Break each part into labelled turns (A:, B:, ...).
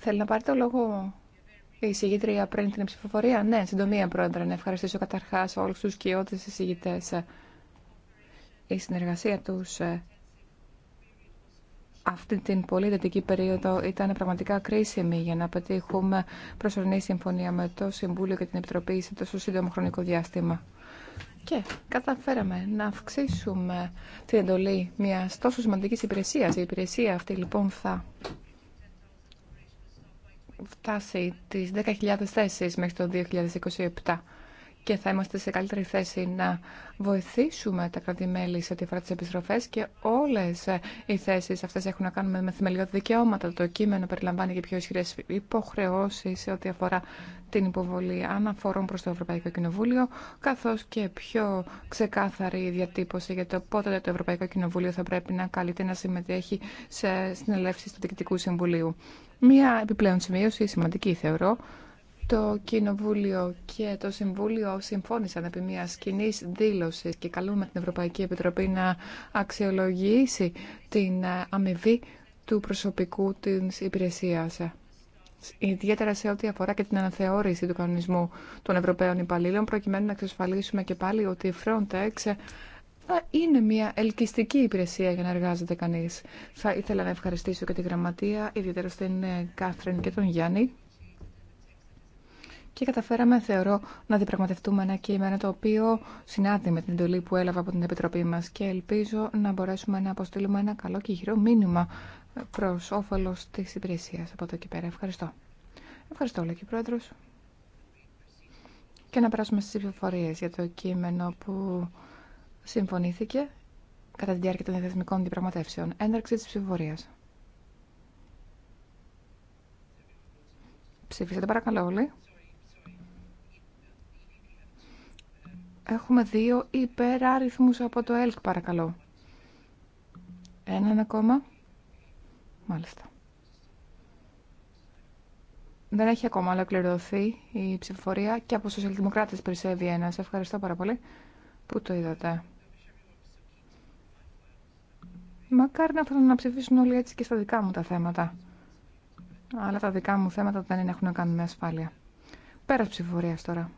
A: Θέλει να πάρει το λόγο η εισηγήτρια πριν την ψηφοφορία. Ναι, συντομία, Πρόεδρε, να ευχαριστήσω καταρχά όλου του κοιότε εισηγητέ. Η συνεργασία του ε, αυτή την πολύ δυτική περίοδο ήταν πραγματικά κρίσιμη για να πετύχουμε προσωρινή συμφωνία με το Συμβούλιο και την Επιτροπή σε τόσο σύντομο χρονικό διάστημα. Και καταφέραμε να αυξήσουμε την εντολή μια τόσο σημαντική υπηρεσία. Η υπηρεσία αυτή λοιπόν θα φτάσει τις 10.000 θέσει μέχρι το 2027 και θα είμαστε σε καλύτερη θέση να βοηθήσουμε τα κρατημέλη σε ό,τι αφορά τι επιστροφέ και όλε οι θέσει αυτέ έχουν να κάνουν με θεμελιώδη δικαιώματα. Το κείμενο περιλαμβάνει και πιο ισχυρέ υποχρεώσει σε ό,τι αφορά την υποβολή αναφορών προ το Ευρωπαϊκό Κοινοβούλιο, καθώ και πιο ξεκάθαρη διατύπωση για το πότε το Ευρωπαϊκό Κοινοβούλιο θα πρέπει να καλείται να συμμετέχει σε συνελεύσει του Διοικητικού Συμβουλίου. Μία επιπλέον σημείωση, σημαντική θεωρώ, το Κοινοβούλιο και το Συμβούλιο συμφώνησαν επί μια κοινή δήλωση και καλούμε την Ευρωπαϊκή Επιτροπή να αξιολογήσει την αμοιβή του προσωπικού της υπηρεσίας. Ιδιαίτερα σε ό,τι αφορά και την αναθεώρηση του κανονισμού των Ευρωπαίων υπαλλήλων, προκειμένου να εξασφαλίσουμε και πάλι ότι η Frontex θα είναι μια ελκυστική υπηρεσία για να εργάζεται κανείς. Θα ήθελα να ευχαριστήσω και τη Γραμματεία, ιδιαίτερα στην Κάθριν και τον Γιάννη και καταφέραμε, θεωρώ, να διαπραγματευτούμε ένα κείμενο το οποίο συνάδει με την εντολή που έλαβα από την Επιτροπή μας και ελπίζω να μπορέσουμε να αποστείλουμε ένα καλό και γύρω μήνυμα προς όφελος της υπηρεσίας από εδώ και πέρα. Ευχαριστώ. Ευχαριστώ, Λέκη Πρόεδρος. Και να περάσουμε στις πληροφορίε για το κείμενο που συμφωνήθηκε κατά τη διάρκεια των διαθεσμικών διαπραγματεύσεων. Έναρξη της ψηφοφορία. Ψήφισατε παρακαλώ όλοι. Έχουμε δύο υπεράριθμους από το ΕΛΚ, παρακαλώ. Έναν ακόμα. Μάλιστα. Δεν έχει ακόμα ολοκληρωθεί η ψηφοφορία και από σοσιαλδημοκράτες περισσεύει Σε Ευχαριστώ πάρα πολύ που το είδατε. Μακάρι να θέλουν να ψηφίσουν όλοι έτσι και στα δικά μου τα θέματα. Αλλά τα δικά μου θέματα δεν έχουν να κάνουν με ασφάλεια. Πέρα ψηφοφορία τώρα.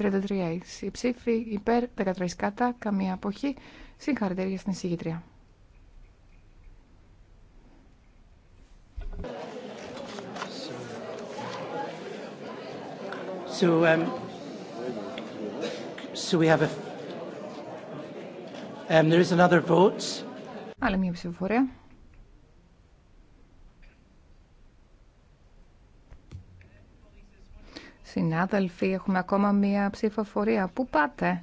A: 33 ψήφοι υπέρ, 13 κατά, καμία αποχή. Συγχαρητήρια στην εισηγήτρια.
B: So, um, so we have a, um, there is another vote.
A: Άλλη μια ψηφοφορία. Συνάδελφοι, έχουμε ακόμα μία ψηφοφορία. Πού πάτε?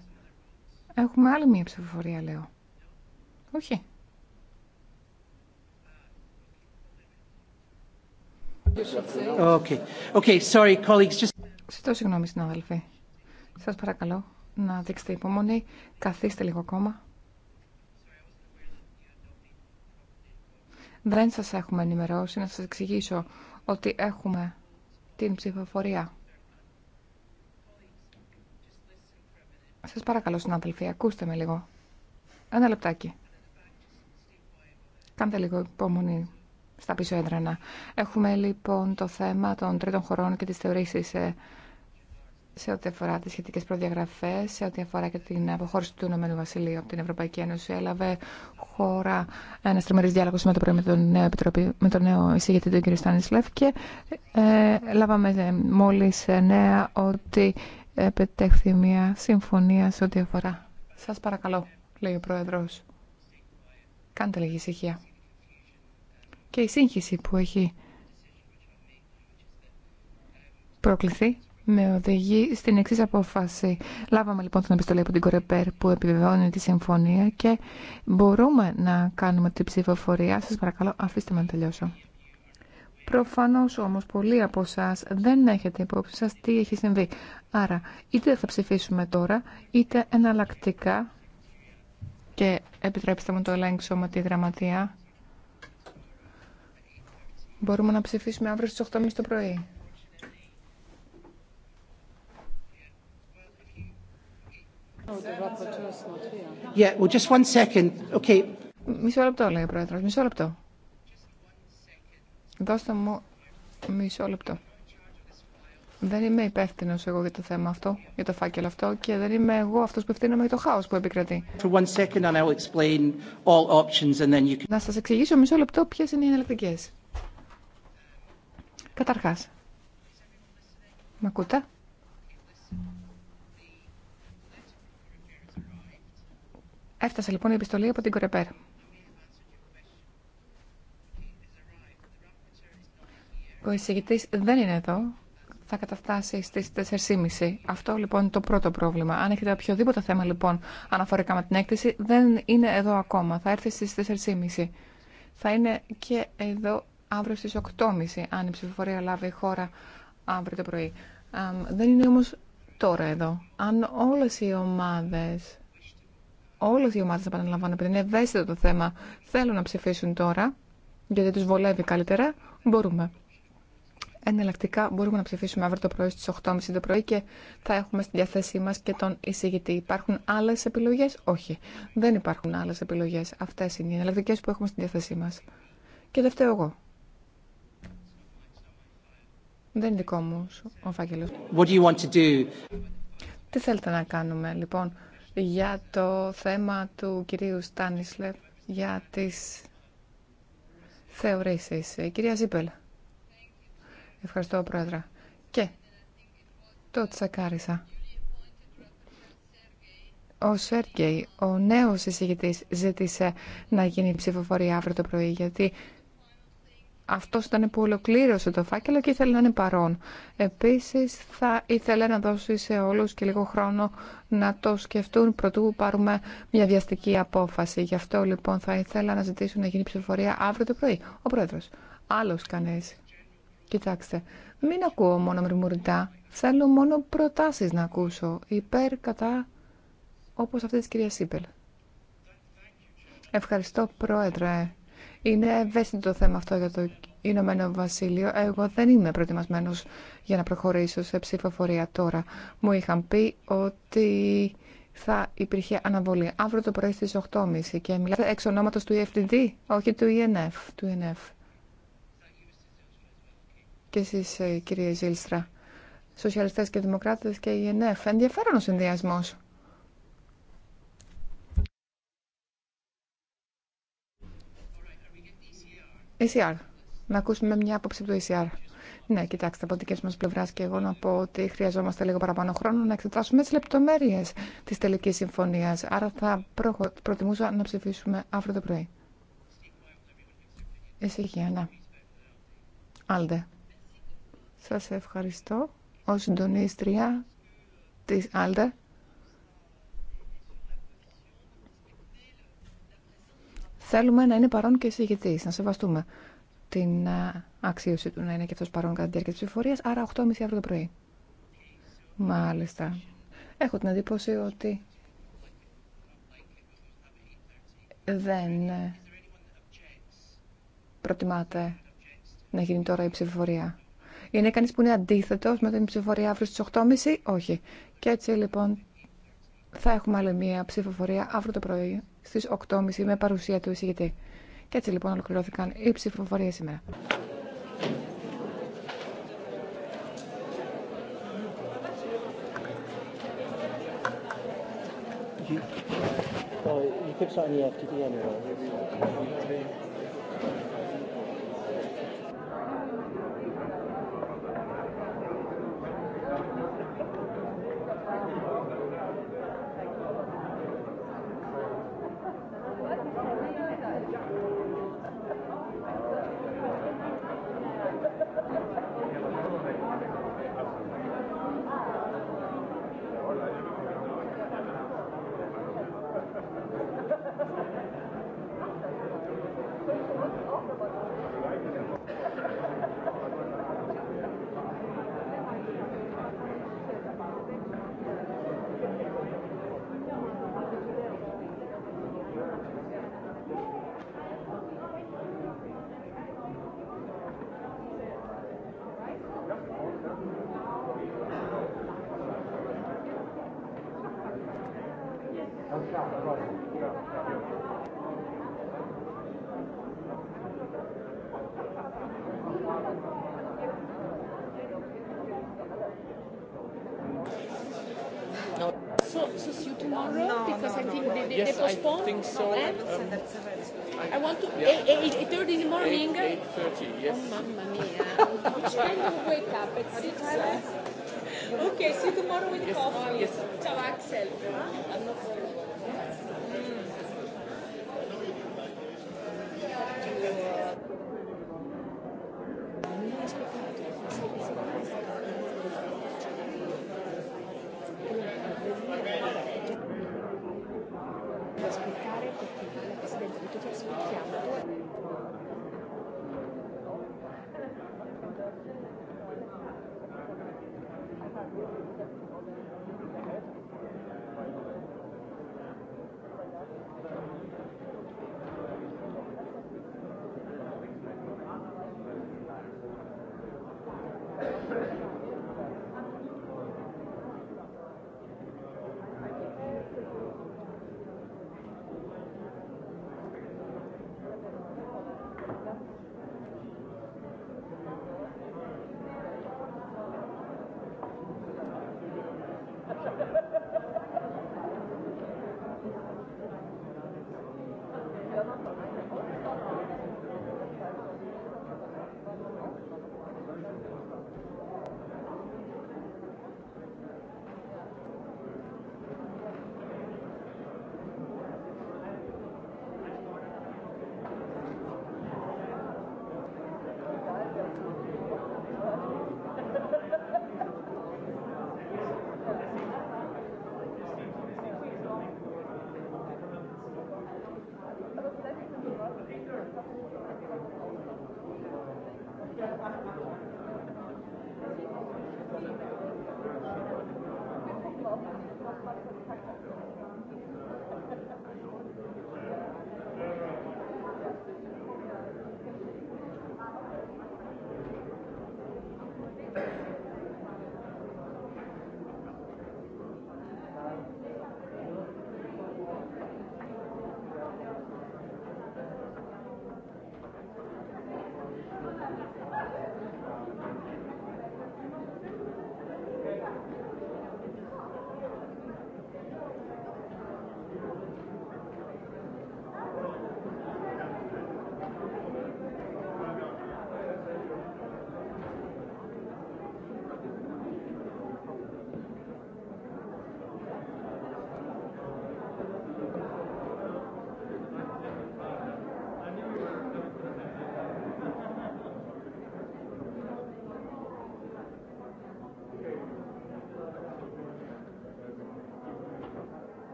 A: Έχουμε άλλη μία ψηφοφορία, λέω. Όχι. Okay. Okay, sorry, colleagues. Just... συγγνώμη, συνάδελφοι. Σας παρακαλώ να δείξετε υπομονή. Καθίστε λίγο ακόμα. Δεν σας έχουμε ενημερώσει να σας εξηγήσω ότι έχουμε την ψηφοφορία Σας παρακαλώ συνάδελφοι, ακούστε με λίγο. Ένα λεπτάκι. Κάντε λίγο υπομονή στα πίσω έντρανα. Έχουμε λοιπόν το θέμα των τρίτων χωρών και τι θεωρήσεις σε ό,τι αφορά τι σχετικέ προδιαγραφέ, σε ό,τι αφορά και την αποχώρηση του Ηνωμένου Βασιλείου από την Ευρωπαϊκή Ένωση, έλαβε χώρα ένα τριμερή διάλογο με το πρωί με τον νέο, με τον εισηγητή, τον κ. Στάνισλεφ, και ε, λάβαμε μόλι ε, νέα ότι επιτευχθεί μια συμφωνία σε ό,τι αφορά. Σας παρακαλώ, λέει ο Πρόεδρος. Κάντε λίγη ησυχία. Και η σύγχυση που έχει προκληθεί με οδηγεί στην εξή απόφαση. Λάβαμε λοιπόν την επιστολή από την Κορεπέρ που επιβεβαιώνει τη συμφωνία και μπορούμε να κάνουμε την ψηφοφορία. Σας παρακαλώ, αφήστε με να τελειώσω. Προφανώς όμως πολλοί από εσά δεν έχετε υπόψη σας τι έχει συμβεί. Άρα είτε θα ψηφίσουμε τώρα είτε εναλλακτικά και επιτρέψτε μου το ελέγξω με τη γραμματεία. Μπορούμε να ψηφίσουμε αύριο στις 8.30 το πρωί. Yeah, just one second. Okay. Μισό λεπτό, λέει ο Πρόεδρος. Μισό λεπτό. Δώστε μου μισό λεπτό. Δεν είμαι υπεύθυνο εγώ για το θέμα αυτό, για το φάκελο αυτό και δεν είμαι εγώ αυτό που ευθύνομαι για το χάο που επικρατεί. Να σα εξηγήσω μισό λεπτό ποιε είναι οι εναλλακτικέ. Καταρχά. Μ' ακούτε? Έφτασε λοιπόν η επιστολή από την Κορεπέρ. Ο εισηγητή δεν είναι εδώ. Θα καταφτάσει στι 4.30. Αυτό λοιπόν είναι το πρώτο πρόβλημα. Αν έχετε οποιοδήποτε θέμα λοιπόν αναφορικά με την έκθεση, δεν είναι εδώ ακόμα. Θα έρθει στι 4.30. Θα είναι και εδώ αύριο στι 8.30, αν η ψηφοφορία λάβει η χώρα αύριο το πρωί. δεν είναι όμω τώρα εδώ. Αν όλε οι ομάδε, όλε οι ομάδες επαναλαμβάνω, επειδή είναι ευαίσθητο το θέμα, θέλουν να ψηφίσουν τώρα, γιατί του βολεύει καλύτερα, μπορούμε. Εναλλακτικά μπορούμε να ψηφίσουμε αύριο το πρωί στις 8.30 το πρωί και θα έχουμε στη διαθέσή μας και τον εισηγητή. Υπάρχουν άλλες επιλογές? Όχι. Δεν υπάρχουν άλλες επιλογές. Αυτές είναι οι εναλλακτικέ που έχουμε στη διαθέσή μας. Και δεν φταίω εγώ. Δεν είναι δικό μου ο φάκελος. What do you want to do? Τι θέλετε να κάνουμε λοιπόν για το θέμα του κυρίου Στάνισλεφ για τις θεωρήσεις. Κυρία Ζίπελ. Ευχαριστώ, Πρόεδρε. Και το τσακάρισα. Ο Σέρκεϊ, ο νέος εισηγητής, ζήτησε να γίνει ψηφοφορία αύριο το πρωί, γιατί αυτός ήταν που ολοκλήρωσε το φάκελο και ήθελε να είναι παρόν. Επίσης θα ήθελε να δώσει σε όλους και λίγο χρόνο να το σκεφτούν προτού πάρουμε μια βιαστική απόφαση. Γι' αυτό λοιπόν θα ήθελα να ζητήσουν να γίνει ψηφοφορία αύριο το πρωί. Ο Πρόεδρος. Άλλος κανείς. Κοιτάξτε, μην ακούω μόνο μουρμουριτά. Θέλω μόνο προτάσεις να ακούσω υπέρ κατά όπως αυτή της κυρίας Σίπελ. Ευχαριστώ πρόεδρε. Είναι ευαίσθητο θέμα αυτό για το Ηνωμένο Βασίλειο. Εγώ δεν είμαι προετοιμασμένο για να προχωρήσω σε ψηφοφορία τώρα. Μου είχαν πει ότι θα υπήρχε αναβολή αύριο το πρωί στις 8.30 και μιλάτε εξ ονόματος του EFTD, όχι του ENF. Του ENF και εσεί, ε, κύριε Ζήλστρα, Σοσιαλιστέ και δημοκράτε και η ΕΝΕΦ. Ενδιαφέρον ο συνδυασμό. ECR. Ε να ακούσουμε μια άποψη του το ECR. Ε ναι, κοιτάξτε, από δικέ μα πλευρά και εγώ να πω ότι χρειαζόμαστε λίγο παραπάνω χρόνο να εξετάσουμε τι λεπτομέρειε τη τελική συμφωνία. Άρα θα προτιμούσα να ψηφίσουμε αύριο το πρωί. Ησυχία, ναι. Άλτε σας ευχαριστώ ως συντονίστρια της Άλτα. Θέλουμε να είναι παρόν και εισηγητής, να σεβαστούμε την ε, αξίωση του να είναι και αυτός παρόν κατά τη διάρκεια της ψηφορίας, άρα 8.30 αύριο το πρωί. Μάλιστα. Έχω την εντύπωση ότι δεν ε, προτιμάτε να γίνει τώρα η ψηφοφορία. Είναι κανείς που είναι αντίθετος με την ψηφοφορία αύριο στις 8.30? Όχι. Και έτσι λοιπόν θα έχουμε άλλη μία ψηφοφορία αύριο το πρωί στις 8.30 με παρουσία του εισηγητή. Και έτσι λοιπόν ολοκληρώθηκαν οι ψηφοφορίες σήμερα. Yes, they postpone? I think so. Um, I want to. Eight, eight thirty in the morning. Eight
C: thirty. Yes. Oh,
A: mamma mia! Which kind of wake up at six? okay, see you tomorrow with yes. coffee. Yes. Ciao, Axel.
D: Huh? I'm not.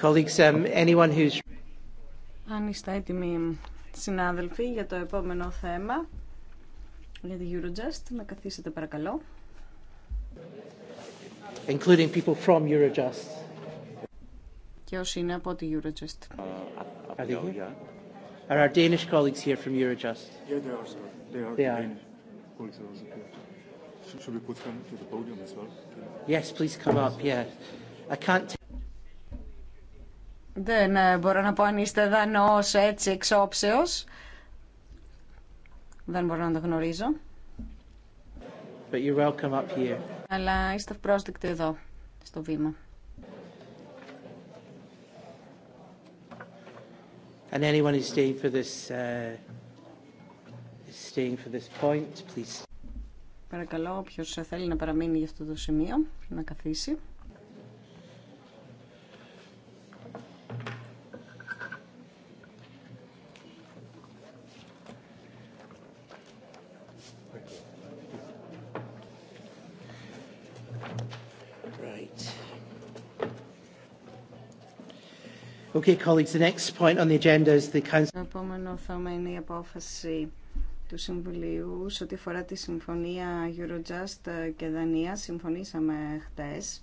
B: Colleagues, um, anyone who's...
E: Αν είστε έτοιμοι συνάδελφοι για το επόμενο θέμα, για τη Eurojust, να καθίσετε παρακαλώ.
B: Including people from Eurojust.
E: Και όσοι είναι από τη Eurojust. Are Are our Danish colleagues here from Eurojust? Yeah, they are,
C: They are. They are. Colleagues are also here. Should we put them to the podium as well?
B: Yes, please come up, yeah. I can't
E: δεν ε, μπορώ να πω αν είστε δανός έτσι εξόψεως. Δεν μπορώ να το γνωρίζω.
B: But you're welcome up here.
E: Αλλά είστε πρόσδεκτοι εδώ, στο βήμα.
B: And anyone who's staying for this, uh, staying for this point, please.
E: Παρακαλώ, όποιος θέλει να παραμείνει για αυτό το σημείο, να καθίσει.
B: Okay, colleagues, the next Το
E: επόμενο θέμα είναι η απόφαση του Συμβουλίου σε ό,τι αφορά τη συμφωνία Eurojust και Δανία. Συμφωνήσαμε χτες.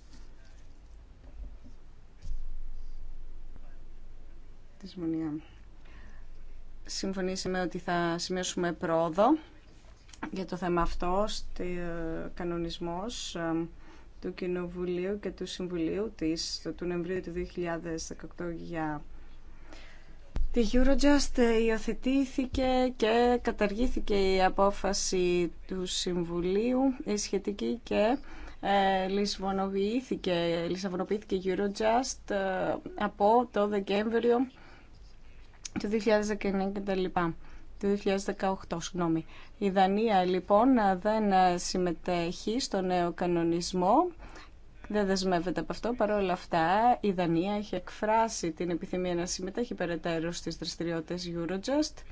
E: Συμφωνήσαμε ότι θα σημειώσουμε πρόοδο για το θέμα αυτό. Στη κανονισμός του Κοινοβουλίου και του Συμβουλίου της του Νεμβρίου του 2018 για τη Eurojust ε, υιοθετήθηκε και καταργήθηκε η απόφαση του Συμβουλίου η σχετική και ε, λησβονοποιήθηκε, λησβονοποιήθηκε η Eurojust ε, από το Δεκέμβριο του 2019 κτλ του 2018, συγγνώμη. Η Δανία λοιπόν δεν συμμετέχει στο νέο κανονισμό, δεν δεσμεύεται από αυτό. Παρ' όλα αυτά η Δανία έχει εκφράσει την επιθυμία να συμμετέχει περαιτέρω στις δραστηριότητες Eurojust.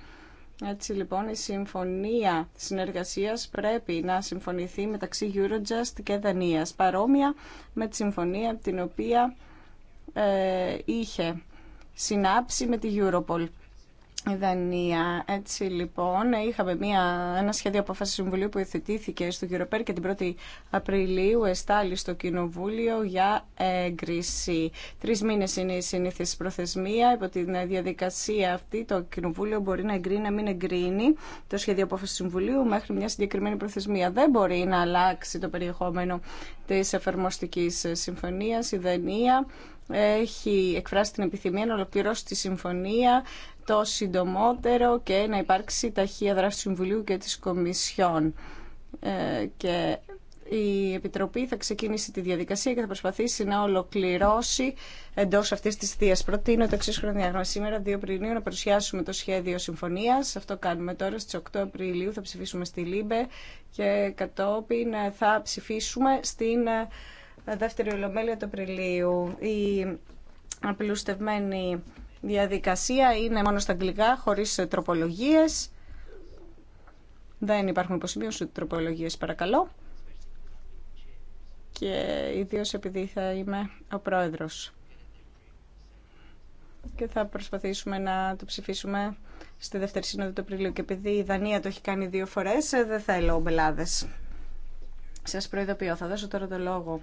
E: Έτσι λοιπόν η συμφωνία συνεργασίας πρέπει να συμφωνηθεί μεταξύ Eurojust και Δανίας, παρόμοια με τη συμφωνία την οποία ε, είχε συνάψει με τη Europol η Δανία. Έτσι λοιπόν, είχαμε μια, ένα σχέδιο απόφαση συμβουλίου που εθετήθηκε στο Γιουροπέρ και την 1η Απριλίου εστάλει στο Κοινοβούλιο για έγκριση. Τρει μήνε είναι η συνήθιση προθεσμία. Υπό τη διαδικασία αυτή, το Κοινοβούλιο μπορεί να εγκρίνει, να μην εγκρίνει το σχέδιο απόφαση συμβουλίου μέχρι μια συγκεκριμένη προθεσμία. Δεν μπορεί να αλλάξει το περιεχόμενο τη εφαρμοστική συμφωνία. Η Δανία έχει εκφράσει την επιθυμία να ολοκληρώσει τη συμφωνία το συντομότερο και να υπάρξει ταχεία δράση του Συμβουλίου και της Κομισιόν. Ε, και η Επιτροπή θα ξεκινήσει τη διαδικασία και θα προσπαθήσει να ολοκληρώσει εντό αυτή τη θεία. Προτείνω το εξή χρονοδιάγραμμα. Σήμερα, 2 Απριλίου, να παρουσιάσουμε το σχέδιο συμφωνία. Αυτό κάνουμε τώρα στι 8 Απριλίου. Θα ψηφίσουμε στη Λίμπε και κατόπιν ε, θα ψηφίσουμε στην ε, δεύτερη ολομέλεια του Απριλίου. Η απλουστευμένη διαδικασία είναι μόνο στα αγγλικά, χωρίς τροπολογίες. Δεν υπάρχουν υποσημείωση τροπολογίες, παρακαλώ. Και ιδίω επειδή θα είμαι ο πρόεδρος. Και θα προσπαθήσουμε να το ψηφίσουμε στη δεύτερη σύνοδο του Απριλίου. Και επειδή η Δανία το έχει κάνει δύο φορές, ε, δεν θέλω ομπελάδες. Σας προειδοποιώ, θα δώσω τώρα το λόγο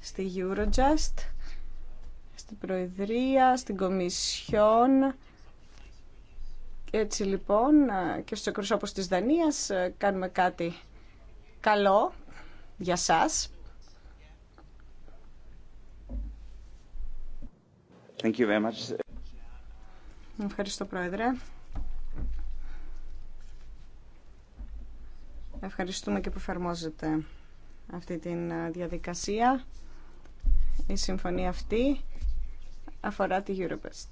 E: στη Eurojust στην Προεδρία, στην Κομισιόν. Έτσι λοιπόν και στους εκπροσώπους της Δανίας ε, κάνουμε κάτι καλό για σας.
F: Thank you very much.
E: Ευχαριστώ Πρόεδρε. Ευχαριστούμε και που εφαρμόζετε αυτή τη ε, διαδικασία, η συμφωνία αυτή αφορά τη Europest.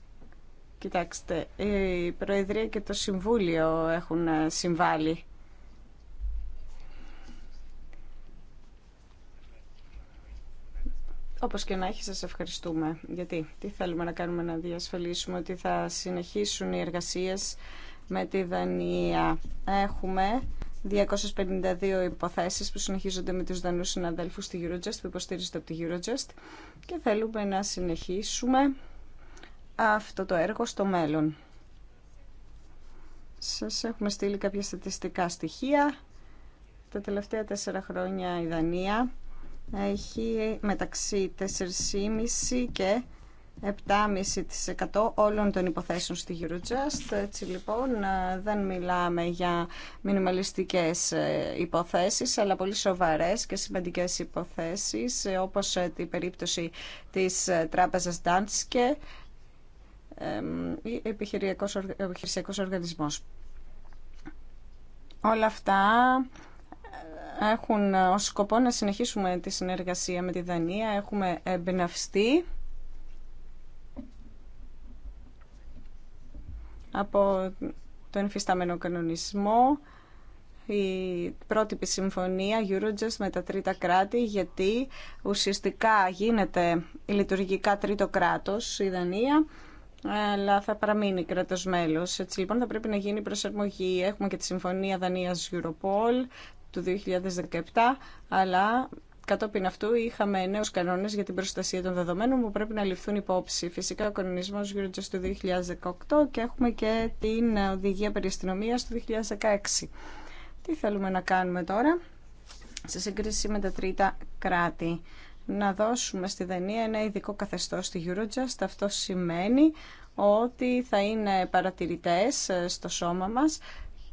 E: Κοιτάξτε, η Προεδρία και το Συμβούλιο έχουν ε, συμβάλει. Όπως και να έχει, σας ευχαριστούμε. Γιατί, τι θέλουμε να κάνουμε να διασφαλίσουμε ότι θα συνεχίσουν οι εργασίες με τη Δανία. Έχουμε 252 υποθέσεις που συνεχίζονται με τους δανούς συναδέλφους στη Eurojust, που υποστήριζονται από τη Eurojust και θέλουμε να συνεχίσουμε αυτό το έργο στο μέλλον. Σας έχουμε στείλει κάποια στατιστικά στοιχεία. Τα τελευταία τέσσερα χρόνια η Δανία έχει μεταξύ 4,5 και 7,5% όλων των υποθέσεων στη Eurojust. Έτσι λοιπόν δεν μιλάμε για μινιμαλιστικές ε, υποθέσεις, αλλά πολύ σοβαρές και σημαντικές υποθέσεις, ε, όπως ε, την περίπτωση της τράπεζας Danske ή επιχειρησιακός οργανισμός. Όλα αυτά έχουν ως σκοπό να συνεχίσουμε τη συνεργασία με τη Δανία. Έχουμε εμπνευστεί από το εφιστάμενο κανονισμό η πρότυπη συμφωνία Eurojust με τα τρίτα κράτη γιατί ουσιαστικά γίνεται λειτουργικά τρίτο κράτος η Δανία αλλά θα παραμείνει κράτος μέλος. Έτσι λοιπόν θα πρέπει να γίνει προσαρμογή. Έχουμε και τη συμφωνία Δανίας Europol του 2017 αλλά Κατόπιν αυτού είχαμε νέους κανόνες για την προστασία των δεδομένων που πρέπει να ληφθούν υπόψη. Φυσικά ο κανονισμό Eurojust του 2018 και έχουμε και την οδηγία περί του 2016. Τι θέλουμε να κάνουμε τώρα σε σύγκριση με τα τρίτα κράτη. Να δώσουμε στη Δανία ένα ειδικό καθεστώς στη Eurojust. Αυτό σημαίνει ότι θα είναι παρατηρητές στο σώμα μας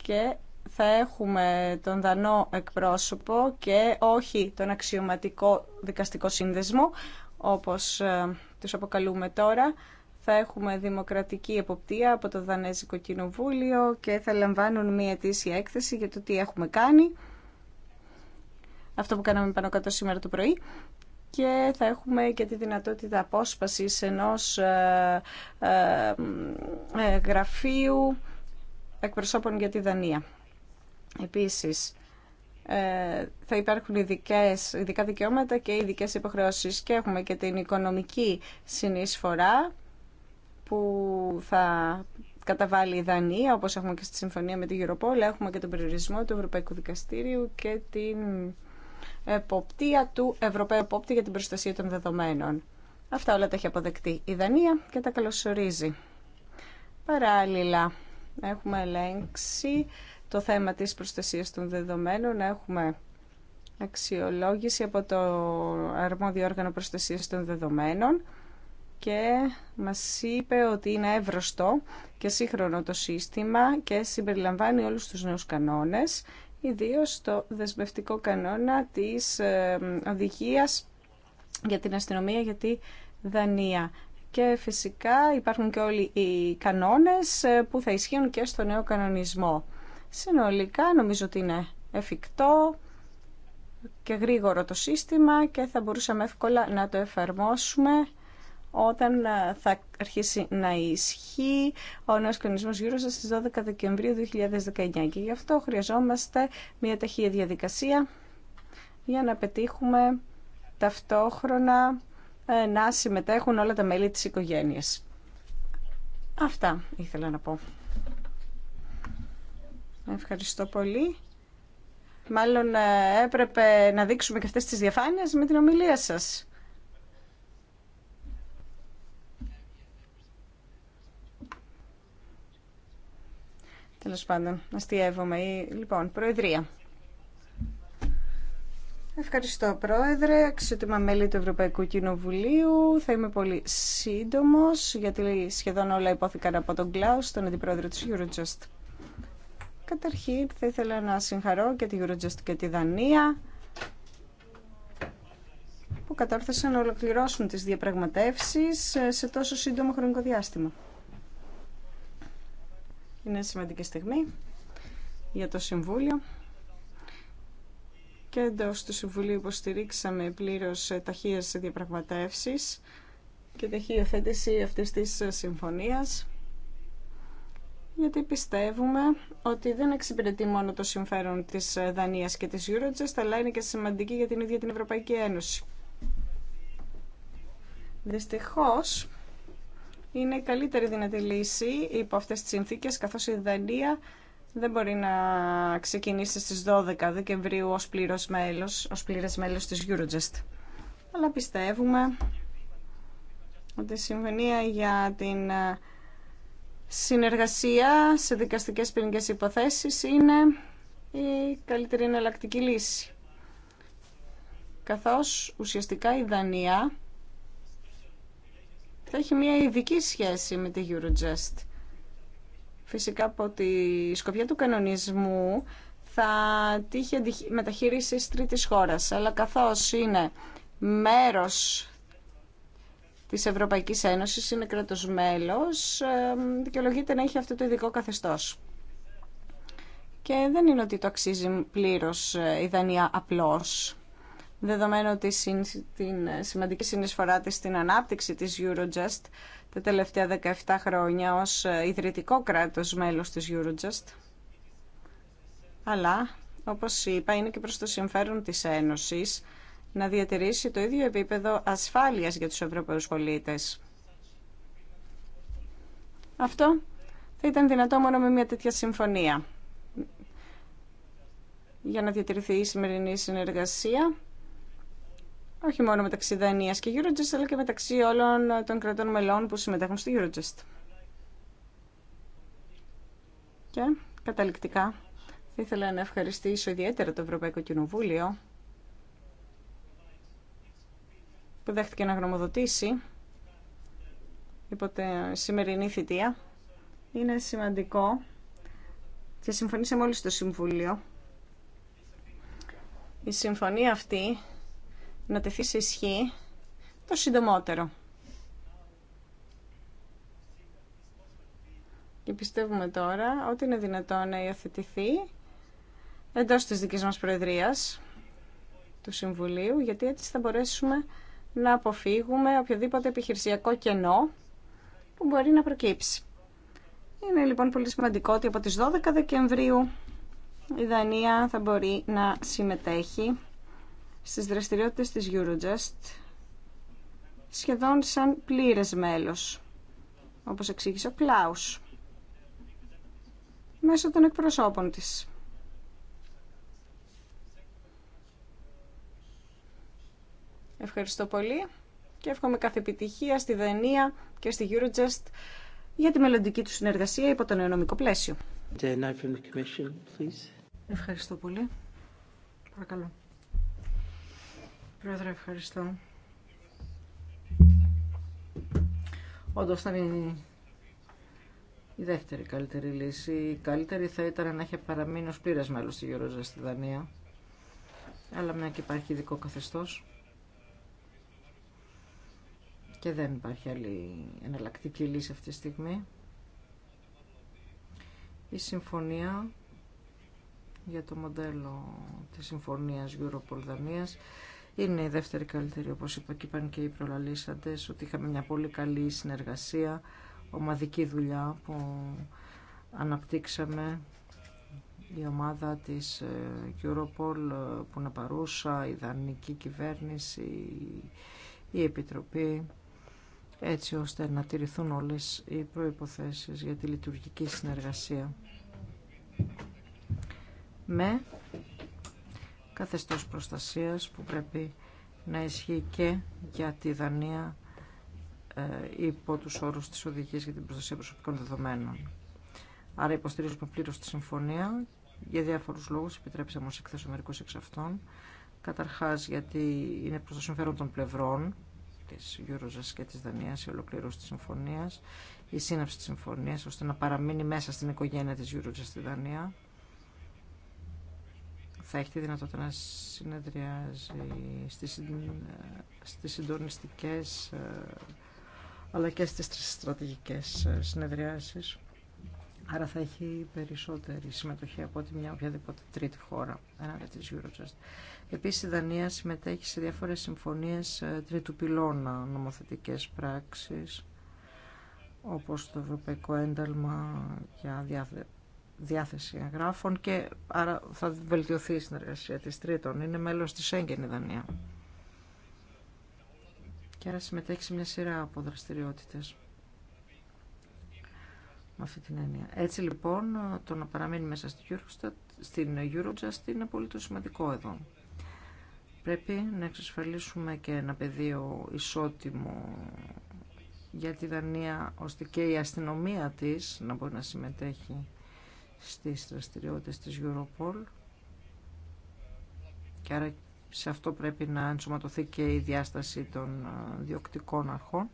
E: και θα έχουμε τον δανό εκπρόσωπο και όχι τον αξιωματικό δικαστικό σύνδεσμο, όπως ε, τους αποκαλούμε τώρα. Θα έχουμε δημοκρατική εποπτεία από το Δανέζικο Κοινοβούλιο και θα λαμβάνουν μία αιτήσια έκθεση για το τι έχουμε κάνει, αυτό που κάναμε πάνω κάτω σήμερα το πρωί, και θα έχουμε και τη δυνατότητα απόσπασης ενός ε, ε, ε γραφείου εκπροσώπων για τη Δανία. Επίσης, ε, θα υπάρχουν ειδικές, ειδικά δικαιώματα και ειδικέ υποχρεώσεις και έχουμε και την οικονομική συνεισφορά που θα καταβάλει η Δανία, όπως έχουμε και στη συμφωνία με την Europol, έχουμε και τον περιορισμό του Ευρωπαϊκού Δικαστήριου και την εποπτεία του Ευρωπαίου Επόπτη για την προστασία των δεδομένων. Αυτά όλα τα έχει αποδεκτεί η Δανία και τα καλωσορίζει. Παράλληλα, έχουμε ελέγξει το θέμα της προστασίας των δεδομένων. Έχουμε αξιολόγηση από το αρμόδιο όργανο προστασίας των δεδομένων και μας είπε ότι είναι εύρωστο και σύγχρονο το σύστημα και συμπεριλαμβάνει όλους τους νέους κανόνες, ιδίως το δεσμευτικό κανόνα της ε, οδηγίας για την αστυνομία για τη Δανία. Και φυσικά υπάρχουν και όλοι οι κανόνες ε, που θα ισχύουν και στο νέο κανονισμό. Συνολικά νομίζω ότι είναι εφικτό και γρήγορο το σύστημα και θα μπορούσαμε εύκολα να το εφαρμόσουμε όταν ε, θα αρχίσει να ισχύει ο νέος κανονισμός γύρω σας στις 12 Δεκεμβρίου 2019 και γι' αυτό χρειαζόμαστε μια ταχεία διαδικασία για να πετύχουμε ταυτόχρονα ε, να συμμετέχουν όλα τα μέλη της οικογένειας. Αυτά ήθελα να πω. Ευχαριστώ πολύ. Μάλλον ε, έπρεπε να δείξουμε και αυτές τις διαφάνειες με την ομιλία σας. Τέλο πάντων, αστείευομαι. Λοιπόν, Προεδρία. Ευχαριστώ Πρόεδρε, αξιότιμα μέλη του Ευρωπαϊκού Κοινοβουλίου. Θα είμαι πολύ σύντομος, γιατί σχεδόν όλα υπόθηκαν από τον κλάου τον Αντιπρόεδρο τη Eurojust. Καταρχήν θα ήθελα να συγχαρώ και τη Eurojust και τη Δανία που κατόρθωσαν να ολοκληρώσουν τις διαπραγματεύσεις σε τόσο σύντομο χρονικό διάστημα. Είναι σημαντική στιγμή για το Συμβούλιο και εντό του Συμβουλίου υποστηρίξαμε πλήρως ταχείες διαπραγματεύσεις και ταχεία θέτηση αυτής της συμφωνίας γιατί πιστεύουμε ότι δεν εξυπηρετεί μόνο το συμφέρον της Δανίας και της Eurojust, αλλά είναι και σημαντική για την ίδια την Ευρωπαϊκή Ένωση. Δυστυχώς, είναι η καλύτερη δυνατή λύση υπό αυτές τις συνθήκες, καθώς η Δανία δεν μπορεί να ξεκινήσει στις 12 Δεκεμβρίου ως, πλήρως μέλος, ως πλήρες μέλος της Eurojust. Αλλά πιστεύουμε ότι η Συμφωνία για την συνεργασία σε δικαστικές ποινικές υποθέσεις είναι η καλύτερη εναλλακτική λύση. Καθώς ουσιαστικά η Δανία θα έχει μια ειδική σχέση με τη Eurojust. Φυσικά από τη σκοπιά του κανονισμού θα τύχει μεταχείριση τρίτης χώρας, αλλά καθώς είναι μέρος της Ευρωπαϊκής Ένωσης, είναι κράτος μέλος, δικαιολογείται να έχει αυτό το ειδικό καθεστώ. Και δεν είναι ότι το αξίζει πλήρω ε, η Δανία απλώ. Δεδομένου ότι την ε, σημαντική συνεισφορά της στην ανάπτυξη της Eurojust τα τελευταία 17 χρόνια ως ε, ιδρυτικό κράτος μέλος της Eurojust. Αλλά, όπως είπα, είναι και προς το συμφέρον της Ένωσης να διατηρήσει το ίδιο επίπεδο ασφάλειας για τους Ευρωπαίους πολίτες. Αυτό θα ήταν δυνατό μόνο με μια τέτοια συμφωνία. Για να διατηρηθεί η σημερινή συνεργασία, όχι μόνο μεταξύ Δανίας και Eurojust, αλλά και μεταξύ όλων των κρατών μελών που συμμετέχουν στη Eurojust. Και καταληκτικά, θα ήθελα να ευχαριστήσω ιδιαίτερα το Ευρωπαϊκό Κοινοβούλιο που δέχτηκε να γνωμοδοτήσει υπό σημερινή θητεία. Είναι σημαντικό και συμφωνήσαμε όλοι στο Συμβούλιο η συμφωνία αυτή να τεθεί σε ισχύ το συντομότερο. Και πιστεύουμε τώρα ότι είναι δυνατόν να υιοθετηθεί εντός της δικής μας Προεδρίας του Συμβουλίου, γιατί έτσι θα μπορέσουμε να αποφύγουμε οποιοδήποτε επιχειρησιακό κενό που μπορεί να προκύψει. Είναι λοιπόν πολύ σημαντικό ότι από τις 12 Δεκεμβρίου η Δανία θα μπορεί να συμμετέχει στις δραστηριότητες της Eurojust σχεδόν σαν πλήρες μέλος, όπως εξήγησε ο Κλάους, μέσω των εκπροσώπων της. Ευχαριστώ πολύ και εύχομαι κάθε επιτυχία στη Δανία και στη Eurojust για τη μελλοντική του συνεργασία υπό το νεονομικό πλαίσιο. Ευχαριστώ πολύ. Παρακαλώ.
F: Πρόεδρε, ευχαριστώ. Όντω ήταν η... η δεύτερη καλύτερη λύση. Η καλύτερη θα ήταν να έχει παραμείνει ω πλήρε μέλο τη Eurojust στη Δανία. Αλλά μια και υπάρχει ειδικό καθεστώ και δεν υπάρχει άλλη εναλλακτική λύση αυτή τη στιγμή. Η συμφωνία για το μοντέλο της συμφωνίας Europol-Δανίας είναι η δεύτερη καλύτερη, όπως είπα και είπαν και οι προλαλήσαντες, ότι είχαμε μια πολύ καλή συνεργασία, ομαδική δουλειά που αναπτύξαμε η ομάδα της ε, Europol ε, που να παρούσα, η Δανική κυβέρνηση, η Επιτροπή έτσι ώστε να τηρηθούν όλες οι προϋποθέσεις για τη λειτουργική συνεργασία με καθεστώς προστασίας που πρέπει να ισχύει και για τη Δανία ε, υπό τους όρους της Οδηγίας για την Προστασία Προσωπικών Δεδομένων. Άρα υποστηρίζουμε πλήρως τη συμφωνία. Για διάφορους λόγους επιτρέψαμε να εκθέσω μερικούς εξ αυτών. Καταρχάς γιατί είναι προς το συμφέρον των πλευρών της Eurojust και της Δανίας, η ολοκλήρωση τη Συμφωνία, η σύναψη της συμφωνίας, ώστε να παραμείνει μέσα στην οικογένεια της Eurojust στη Δανία. Θα έχει τη δυνατότητα να συνεδριάζει στις, στις συντονιστικές ε, αλλά και στις στρατηγικέ στρατηγικές ε, συνεδριάσεις. Άρα θα έχει περισσότερη συμμετοχή από ότι μια οποιαδήποτε τρίτη χώρα έναντι της Eurojust. Επίσης η Δανία συμμετέχει σε διάφορες συμφωνίες ε, τρίτου πυλώνα νομοθετικές πράξεις όπως το Ευρωπαϊκό Ένταλμα για διάθεση Αγράφων και άρα θα βελτιωθεί η συνεργασία της τρίτων. Είναι μέλος της Σέγγεν Δανία. Και άρα συμμετέχει σε μια σειρά από δραστηριότητες. Με την Έτσι λοιπόν το να παραμείνει μέσα στην Eurojust είναι πολύ το σημαντικό εδώ. Πρέπει να εξασφαλίσουμε και ένα πεδίο ισότιμο για τη Δανία, ώστε και η αστυνομία της να μπορεί να συμμετέχει στις δραστηριότητες της Europol και άρα σε αυτό πρέπει να ενσωματωθεί και η διάσταση των ε, διοκτικών αρχών.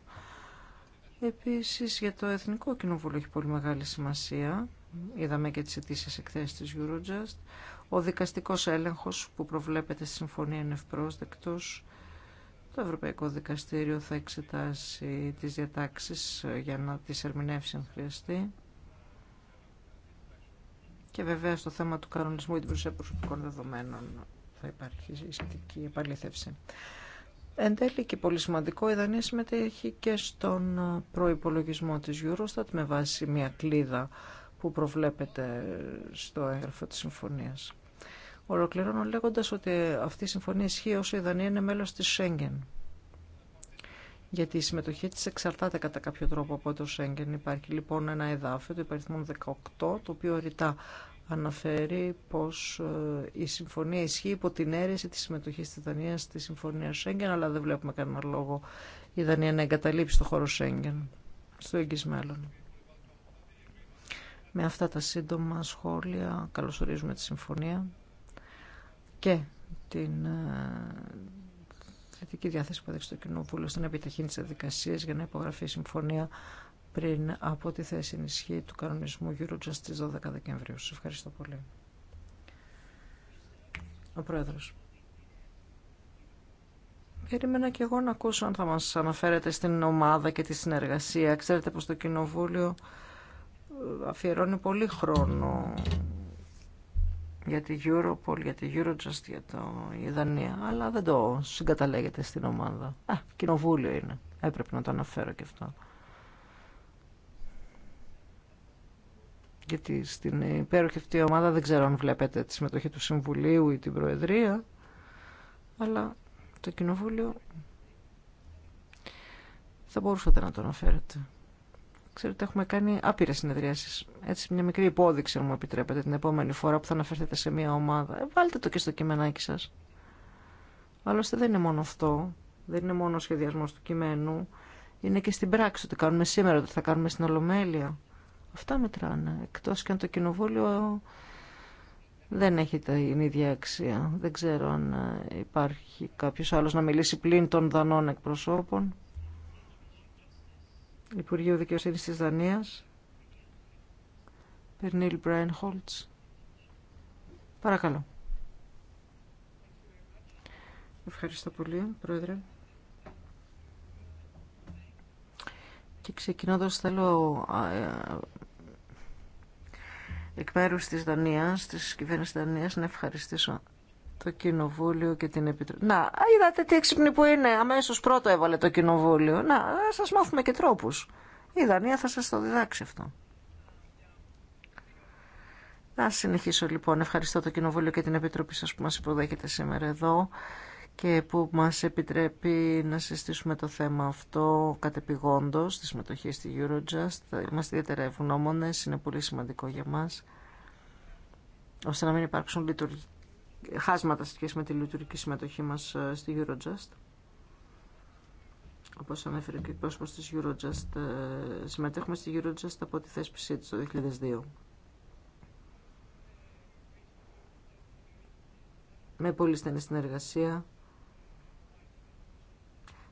F: Επίσης για το Εθνικό Κοινοβούλιο έχει πολύ μεγάλη σημασία είδαμε και τις αιτήσει εκθέσεις της Eurojust. Ο δικαστικός έλεγχος που προβλέπεται στη συμφωνία είναι ευπρόσδεκτος. Το Ευρωπαϊκό Δικαστήριο θα εξετάσει τις διατάξεις ε, για να τις ερμηνεύσει αν χρειαστεί. Και βέβαια στο θέμα του κανονισμού η την προσέγγιση προσωπικών δεδομένων θα υπάρχει σχετική επαλήθευση. Εν τέλει και πολύ σημαντικό, η Δανία συμμετέχει και στον προϋπολογισμό της Eurostat με βάση μια κλίδα που προβλέπεται στο έγγραφο της συμφωνίας. Ολοκληρώνω λέγοντας ότι αυτή η συμφωνία ισχύει όσο η Δανία είναι μέλος της Σέγγεν. Γιατί η συμμετοχή της εξαρτάται κατά κάποιο τρόπο από το Σέγγεν. Υπάρχει λοιπόν ένα εδάφιο, το υπαριθμό 18, το οποίο ρητά αναφέρει πως ε, η συμφωνία ισχύει υπό την αίρεση της συμμετοχής της Δανίας στη συμφωνία Σέγγεν, αλλά δεν βλέπουμε κανένα λόγο η Δανία να εγκαταλείψει το χώρο Σέγγεν στο εγγύς μέλλον. Με αυτά τα σύντομα σχόλια καλωσορίζουμε τη συμφωνία και την ε, θετική διάθεση που έδειξε το Κοινοβούλιο στην επιταχύνη της διαδικασίας για να υπογραφεί η συμφωνία πριν από τη θέση ενισχύ του κανονισμού Eurojust στις 12 Δεκεμβρίου. Σας ευχαριστώ πολύ. Ο Πρόεδρος. Περίμενα και εγώ να ακούσω αν θα μας αναφέρετε στην ομάδα και τη συνεργασία. Ξέρετε πως το Κοινοβούλιο αφιερώνει πολύ χρόνο για τη Europol, για τη Eurojust, για το, η Δανία, αλλά δεν το συγκαταλέγεται στην ομάδα. Α, κοινοβούλιο είναι. Έπρεπε να το αναφέρω και αυτό. Γιατί στην υπέροχη αυτή ομάδα δεν ξέρω αν βλέπετε τη συμμετοχή του Συμβουλίου ή την Προεδρία, αλλά το κοινοβούλιο θα μπορούσατε να το αναφέρετε. Ξέρετε, έχουμε κάνει άπειρε συνεδριάσει. Έτσι, μια μικρή υπόδειξη, αν μου επιτρέπετε, την επόμενη φορά που θα αναφερθείτε σε μια ομάδα. Ε, βάλτε το και στο κειμενάκι σα. Άλλωστε, δεν είναι μόνο αυτό. Δεν είναι μόνο ο σχεδιασμό του κειμένου. Είναι και στην πράξη. ότι κάνουμε σήμερα, το θα κάνουμε στην Ολομέλεια. Αυτά μετράνε. Εκτό και αν το κοινοβούλιο δεν έχει την ίδια αξία. Δεν ξέρω αν ε, υπάρχει κάποιο άλλο να μιλήσει πλην των δανών εκπροσώπων. Υπουργείο Δικαιοσύνης της Δανίας, Περνίλ Μπράινχολτς. Παρακαλώ. Ευχαριστώ πολύ, Πρόεδρε. Και ξεκινώντας θέλω ε, εκ μέρους της Δανίας, της κυβέρνησης της Δανίας, να ευχαριστήσω το Κοινοβούλιο και την Επιτροπή. Να, είδατε τι έξυπνοι που είναι. Αμέσω πρώτο έβαλε το Κοινοβούλιο. Να, σα μάθουμε και τρόπου. Η Δανία θα σα το διδάξει αυτό. Να συνεχίσω λοιπόν. Ευχαριστώ το Κοινοβούλιο και την Επιτροπή σα που μα υποδέχεται σήμερα εδώ και που μας επιτρέπει να συστήσουμε το θέμα αυτό κατεπηγόντως τη συμμετοχή στη Eurojust. Είμαστε ιδιαίτερα ευγνώμονες, είναι πολύ σημαντικό για μας, ώστε να μην υπάρξουν λειτουργικές χάσματα σε σχέση με τη λειτουργική συμμετοχή μας ε, στη Eurojust. Όπως ανέφερε και ο πρόσωπος της Eurojust, ε, συμμετέχουμε στη Eurojust από τη θέσπιση της το 2002. Με πολύ στενή συνεργασία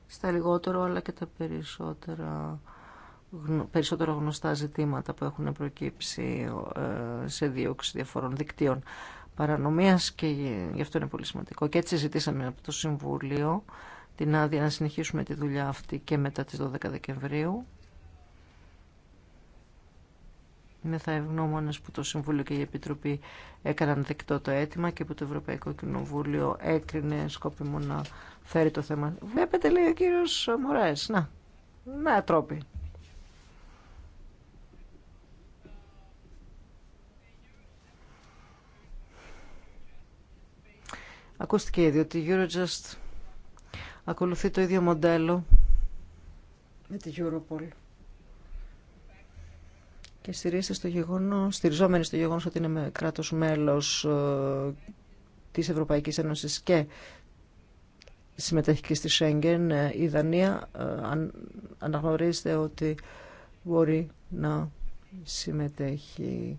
F: στα λιγότερο αλλά και τα περισσότερα περισσότερο γνωστά ζητήματα που έχουν προκύψει ε, σε δίωξη διαφορών δικτύων παρανομίας και γι' αυτό είναι πολύ σημαντικό. Και έτσι ζητήσαμε από το Συμβούλιο την άδεια να συνεχίσουμε τη δουλειά αυτή και μετά τις 12 Δεκεμβρίου. Είμαι θα ευγνώμονε που το Συμβούλιο και η Επιτροπή έκαναν δεκτό το αίτημα και που το Ευρωπαϊκό Κοινοβούλιο έκρινε σκόπιμο να φέρει το θέμα. Βλέπετε, λέει ο κύριο Μωρέ. Να, να τρόποι Ακούστηκε ήδη ότι η Eurojust ακολουθεί το ίδιο μοντέλο με τη Europol. Και στηρίζεται στο γεγονό στηριζόμενη στο γεγονός ότι είναι κράτος μέλος ε, τη Ευρωπαϊκή Ένωση και συμμετέχει και στη Σέγγεν, η Δανία ε, αναγνωρίζεται ότι μπορεί να συμμετέχει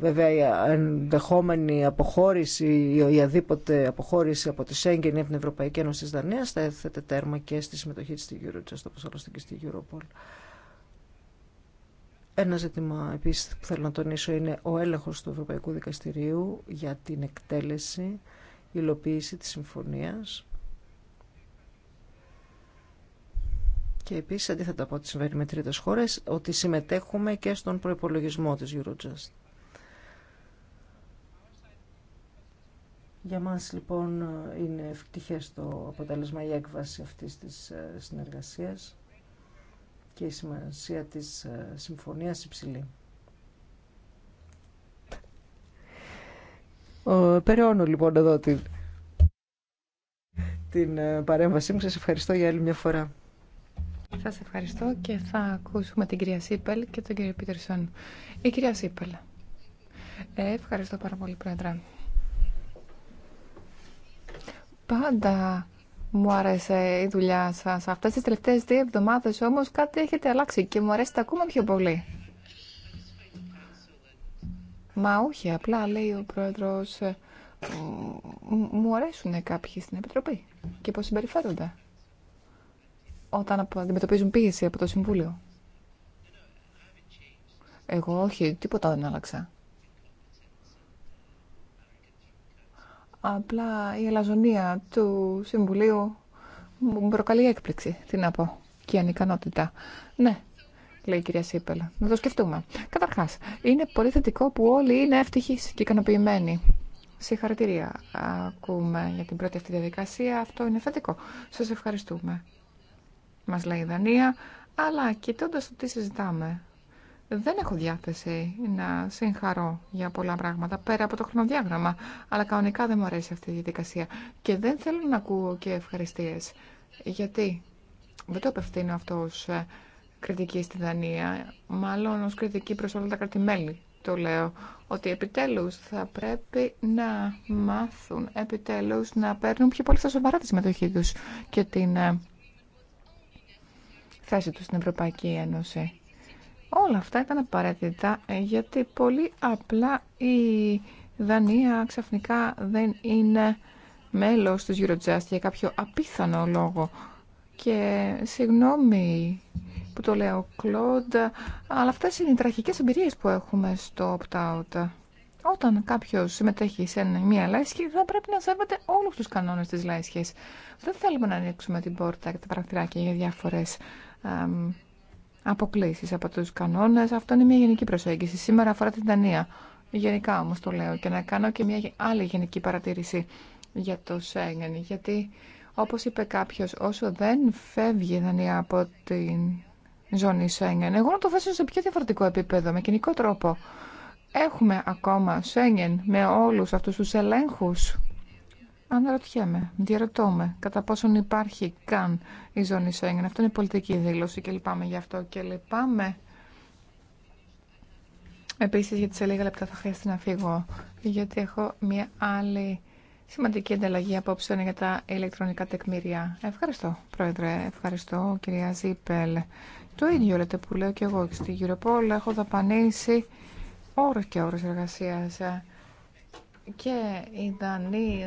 F: Βέβαια η ενδεχόμενη αποχώρηση ή η η αποχώρηση από τη Σέγγεν ή από την Ευρωπαϊκή Ένωση της Δανία θα έθετε τέρμα και στη συμμετοχή τη στη Eurojust όπως άλλωστε και στη Europol. Ένα ζήτημα επίση που θέλω να τονίσω είναι ο έλεγχο του Ευρωπαϊκού Δικαστηρίου για την εκτέλεση, υλοποίηση τη συμφωνία. Και επίση αντίθετα από ό,τι συμβαίνει με τρίτες χώρε ότι συμμετέχουμε και στον προπολογισμό τη Eurojust. Για μας λοιπόν είναι ευτυχές το αποτέλεσμα η έκβαση αυτής της ε, συνεργασίας και η σημασία της ε, συμφωνίας υψηλή. Περιώνω λοιπόν εδώ την, την ε, παρέμβασή μου. Σας ευχαριστώ για άλλη μια φορά.
A: Σας ευχαριστώ και θα ακούσουμε την κυρία Σίπελ και τον κύριο Πίτερσον. Η κυρία Σίπελ. Ε, ευχαριστώ πάρα πολύ, Πρόεδρε. Πάντα μου άρεσε η δουλειά σα. Αυτές τι τελευταίε δύο εβδομάδε όμως κάτι έχετε αλλάξει και μου αρέσετε ακόμα πιο πολύ. Μα όχι, απλά λέει ο πρόεδρος, ε, μου αρέσουν κάποιοι στην Επιτροπή και πώς συμπεριφέρονται όταν αντιμετωπίζουν πίεση από το Συμβούλιο. Εγώ όχι, τίποτα δεν άλλαξα. Απλά η ελαζονία του Συμβουλίου μου προκαλεί έκπληξη, τι να πω, και ανικανότητα. Ναι, λέει η κυρία Σίπελα. Να το σκεφτούμε. Καταρχά, είναι πολύ θετικό που όλοι είναι εύτυχοι και ικανοποιημένοι. Συγχαρητήρια ακούμε για την πρώτη αυτή διαδικασία. Αυτό είναι θετικό. Σα ευχαριστούμε. Μα λέει η Δανία. Αλλά κοιτώντα το τι συζητάμε, δεν έχω διάθεση να συγχαρώ για πολλά πράγματα πέρα από το χρονοδιάγραμμα, αλλά κανονικά δεν μου αρέσει αυτή η διαδικασία. Και δεν θέλω να ακούω και ευχαριστίε. γιατί δεν το απευθύνω αυτό ω ε, κριτική στη Δανία, μάλλον ω κριτική προ όλα τα κρατημέλη. Το λέω ότι επιτέλους θα πρέπει να μάθουν, επιτέλους να παίρνουν πιο πολύ στα σοβαρά τη συμμετοχή τους και την ε, θέση τους στην Ευρωπαϊκή Ένωση. Όλα αυτά ήταν απαραίτητα ε, γιατί πολύ απλά η Δανία ξαφνικά δεν είναι μέλος της Eurojust για κάποιο απίθανο λόγο. Και συγγνώμη που το λέω Κλοντ, αλλά αυτές είναι οι τραχικές εμπειρίες που έχουμε στο opt-out. Όταν κάποιο συμμετέχει σε μια λάσχη, θα πρέπει να σέβεται όλους τους κανόνες της λάσχης. Δεν θέλουμε να ανοίξουμε την πόρτα και τα παραθυράκια για διάφορες διάφορε αποκλήσει από του κανόνε. Αυτό είναι μια γενική προσέγγιση. Σήμερα αφορά την Δανία. Γενικά όμω το λέω και να κάνω και μια άλλη γενική παρατήρηση για το Σέγγεν. Γιατί όπω είπε κάποιο, όσο δεν φεύγει η Δανία από την ζώνη Σέγγεν, εγώ να το θέσω σε πιο διαφορετικό επίπεδο, με κοινικό τρόπο. Έχουμε ακόμα Σέγγεν με όλου αυτού του ελέγχου Αναρωτιέμαι, διαρωτώ με κατά πόσον υπάρχει καν η ζώνη Σέγγεν. Αυτό είναι πολιτική δήλωση και λυπάμαι γι' αυτό και λυπάμαι. Επίσης, γιατί σε λίγα λεπτά θα χρειαστεί να φύγω, γιατί έχω μια άλλη σημαντική ανταλλαγή απόψεων για τα ηλεκτρονικά τεκμήρια. Ευχαριστώ, Πρόεδρε. Ευχαριστώ, κυρία Ζίπελ. Το ίδιο λέτε που λέω και εγώ στην Europol. Έχω δαπανίσει ώρες και ώρες εργασίας και η Δανείοι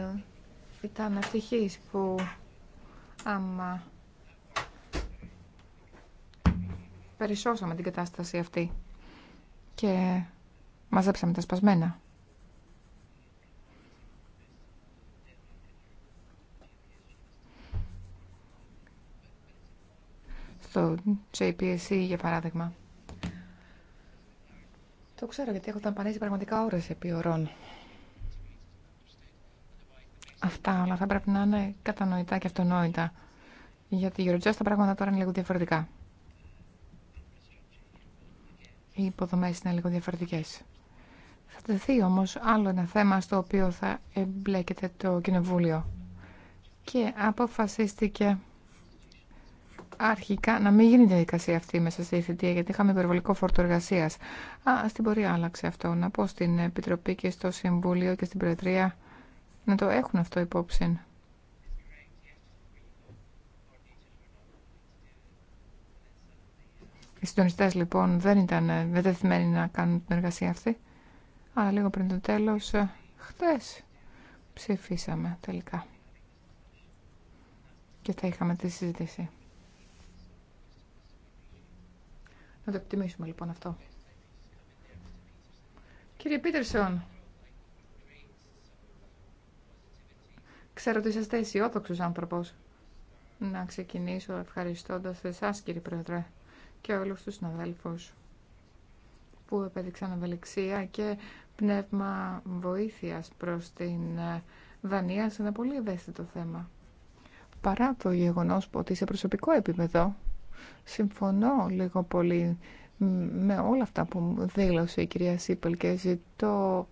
A: ήταν ευτυχής που άμα περισσώσαμε την κατάσταση αυτή και μαζέψαμε τα σπασμένα. Στο JPSC για παράδειγμα. Το ξέρω γιατί έχω ταμπανίσει πραγματικά ώρες επί ωρών. Αυτά όλα θα πρέπει να είναι κατανοητά και αυτονόητα. Γιατί η Eurojust τα πράγματα τώρα είναι λίγο διαφορετικά. Οι υποδομέ είναι λίγο διαφορετικέ. Θα τεθεί όμω άλλο ένα θέμα στο οποίο θα εμπλέκεται το Κοινοβούλιο. Και αποφασίστηκε αρχικά να μην γίνει η διαδικασία αυτή μέσα στη θητεία, γιατί είχαμε υπερβολικό φόρτο εργασία. Στην πορεία άλλαξε αυτό. Να πω στην Επιτροπή και στο Συμβούλιο και στην Προεδρία να το έχουν αυτό υπόψη. Οι συντονιστέ λοιπόν δεν ήταν δεδεθμένοι να κάνουν την εργασία αυτή. Αλλά λίγο πριν το τέλο, χτε ψηφίσαμε τελικά. Και θα είχαμε τη συζήτηση. Να το εκτιμήσουμε λοιπόν αυτό. Κύριε Πίτερσον, Ξέρω ότι είσαστε αισιόδοξο άνθρωπο. Να ξεκινήσω ευχαριστώντα εσά, κύριε Πρόεδρε, και όλου του συναδέλφου που επέδειξαν ευελιξία και πνεύμα βοήθειας προς την ε, Δανία σε ένα πολύ ευαίσθητο θέμα. Παρά το γεγονό ότι σε προσωπικό επίπεδο συμφωνώ λίγο πολύ με όλα αυτά που δήλωσε η κυρία Σίπελ και ζητώ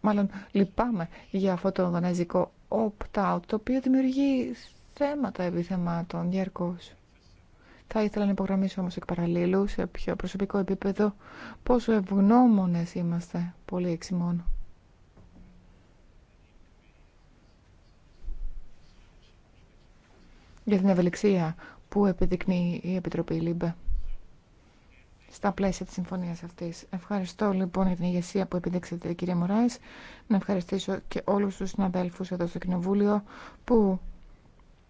A: μάλλον λυπάμαι για αυτό το δανέζικο opt το οποίο δημιουργεί θέματα επιθεμάτων διαρκώς. Θα ήθελα να υπογραμμίσω όμως εκ παραλλήλου σε πιο προσωπικό επίπεδο πόσο ευγνώμονες είμαστε πολύ εξημών. Για την ευελιξία που επιδεικνύει η Επιτροπή ΛΥΜΠΕ στα πλαίσια της συμφωνίας αυτής. Ευχαριστώ λοιπόν για την ηγεσία που επιδείξατε κύριε Μωράης. Να ευχαριστήσω και όλους τους συναδέλφους εδώ στο Κοινοβούλιο που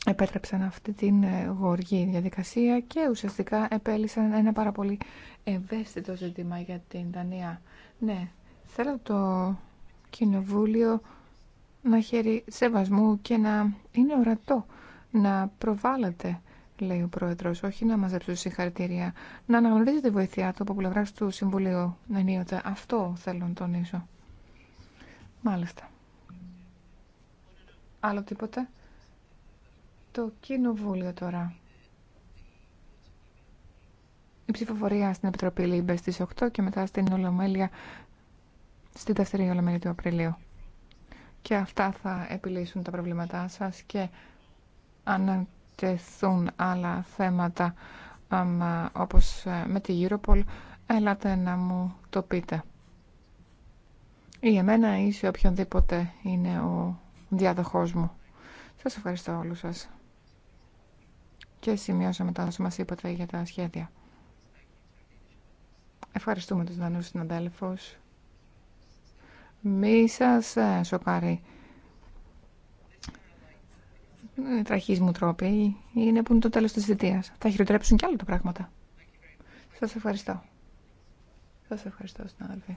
A: επέτρεψαν αυτή την ε, γοργή διαδικασία και ουσιαστικά επέλυσαν ένα πάρα πολύ ευαίσθητο ζήτημα για την Δανία. Ναι, θέλω το Κοινοβούλιο να χαίρει σεβασμού και να είναι ορατό, να προβάλλεται λέει ο πρόεδρο, όχι να μαζέψω συγχαρητήρια. Να αναγνωρίζει τη βοήθειά του από πλευρά του Συμβουλίου ενίοτε. Αυτό θέλω να τονίσω. Μάλιστα. Άλλο τίποτε. Το Κοινοβούλιο τώρα. Η ψηφοφορία στην Επιτροπή Λίμπε στι 8 και μετά στην Ολομέλεια στη δεύτερη Ολομέλεια του Απριλίου. Και αυτά θα επιλύσουν τα προβλήματά σα. και τεθούν άλλα θέματα όπως ε, με τη Europol, έλατε να μου το πείτε. Ή εμένα ή σε οποιονδήποτε είναι ο διάδοχός μου. Σας ευχαριστώ όλους σας. Και σημειώσαμε τα όσα μας είπατε για τα σχέδια. Ευχαριστούμε τους Δανούς συναντέλφου. Μη σας ε, σοκάρει είναι μου τρόποι. Είναι που είναι το τέλος της θητείας. Θα χειροτρέψουν κι άλλο τα πράγματα. Σας ευχαριστώ. Σας ευχαριστώ, συνάδελφοι.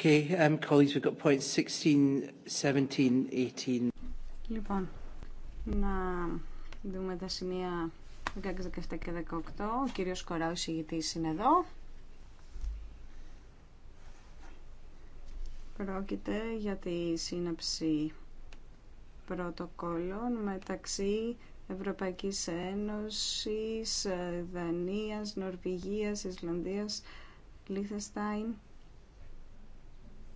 B: Okay, um, colleagues, we've got points 16, 17, 18.
E: Λοιπόν, να δούμε τα σημεία 16, 17 και 18. Ο κύριος Κοράου, εισηγητής, είναι εδώ. Πρόκειται για τη σύναψη πρωτοκόλων μεταξύ Ευρωπαϊκής Ένωσης, ε, Δανίας, Νορβηγίας, Ισλανδίας, Λίθεστάιν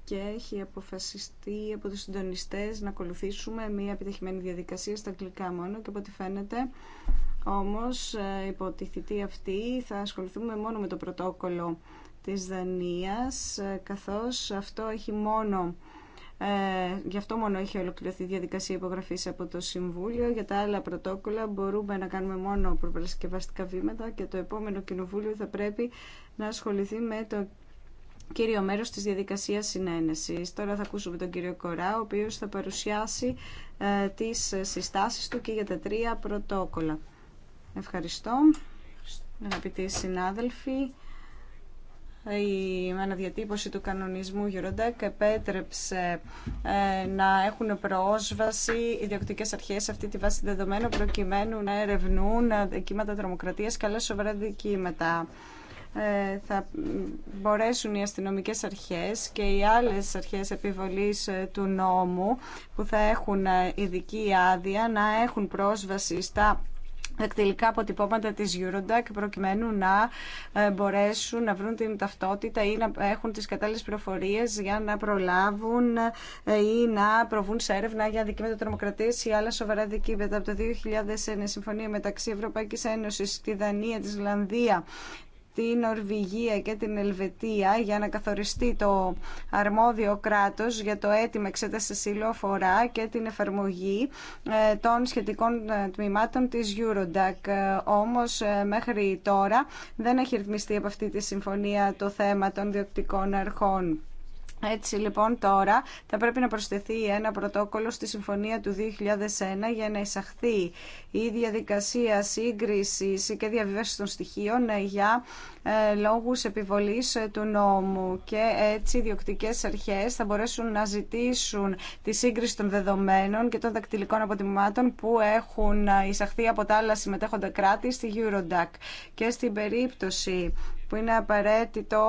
E: και έχει αποφασιστεί από τους συντονιστές να ακολουθήσουμε μια επιτυχημένη διαδικασία στα αγγλικά μόνο και από ό,τι φαίνεται όμως ε, υπό τη θητή αυτή θα ασχοληθούμε μόνο με το πρωτόκολλο της Δανίας ε, καθώς αυτό έχει μόνο ε, γι' αυτό μόνο έχει ολοκληρωθεί η διαδικασία υπογραφή από το Συμβούλιο. Για τα άλλα πρωτόκολλα μπορούμε να κάνουμε μόνο προπαρασκευαστικά βήματα και το επόμενο Κοινοβούλιο θα πρέπει να ασχοληθεί με το κύριο μέρος της διαδικασίας συνένεσης. Τώρα θα ακούσουμε τον κύριο Κορά, ο οποίος θα παρουσιάσει ε, τις συστάσεις του και για τα τρία πρωτόκολλα. Ευχαριστώ, αγαπητοί συνάδελφοι. Η αναδιατύπωση του κανονισμού Eurodac επέτρεψε ε, να έχουν πρόσβαση οι διοκτικές αρχές σε αυτή τη βάση δεδομένων προκειμένου να ερευνούν ε, κύματα τρομοκρατίας και άλλα σοβαρά δικήματα. Ε, θα μπορέσουν οι αστυνομικές αρχές και οι άλλες αρχές επιβολής ε, του νόμου που θα έχουν ε, ειδική άδεια να έχουν πρόσβαση στα εκτελικά αποτυπώματα της Eurodac προκειμένου να μπορέσουν να βρουν την ταυτότητα ή να έχουν τις κατάλληλες προφορίες για να προλάβουν ή να προβούν σε έρευνα για δικήματα τρομοκρατίας ή άλλα σοβαρά δικήματα. Από το 2001 συμφωνία μεταξύ Ευρωπαϊκής Ένωσης, τη Δανία, τη Ισλανδία, την Νορβηγία και την Ελβετία για να καθοριστεί το αρμόδιο κράτος για το αίτημα εξέταση φορά και την εφαρμογή ε, των σχετικών ε, τμήματων της Eurodac. Ε, όμως μέχρι τώρα δεν έχει ρυθμιστεί από αυτή τη συμφωνία το θέμα των διοκτικών αρχών. Έτσι λοιπόν τώρα θα πρέπει να προσθεθεί ένα πρωτόκολλο στη Συμφωνία του 2001 για να εισαχθεί η διαδικασία σύγκριση και διαβίβαση των στοιχείων ε, για ε, λόγους επιβολής ε, του νόμου και έτσι οι διοκτικές αρχές θα μπορέσουν να ζητήσουν τη σύγκριση των δεδομένων και των δακτυλικών αποτιμημάτων που έχουν εισαχθεί από τα άλλα συμμετέχοντα κράτη στη Eurodac και στην περίπτωση που είναι απαραίτητο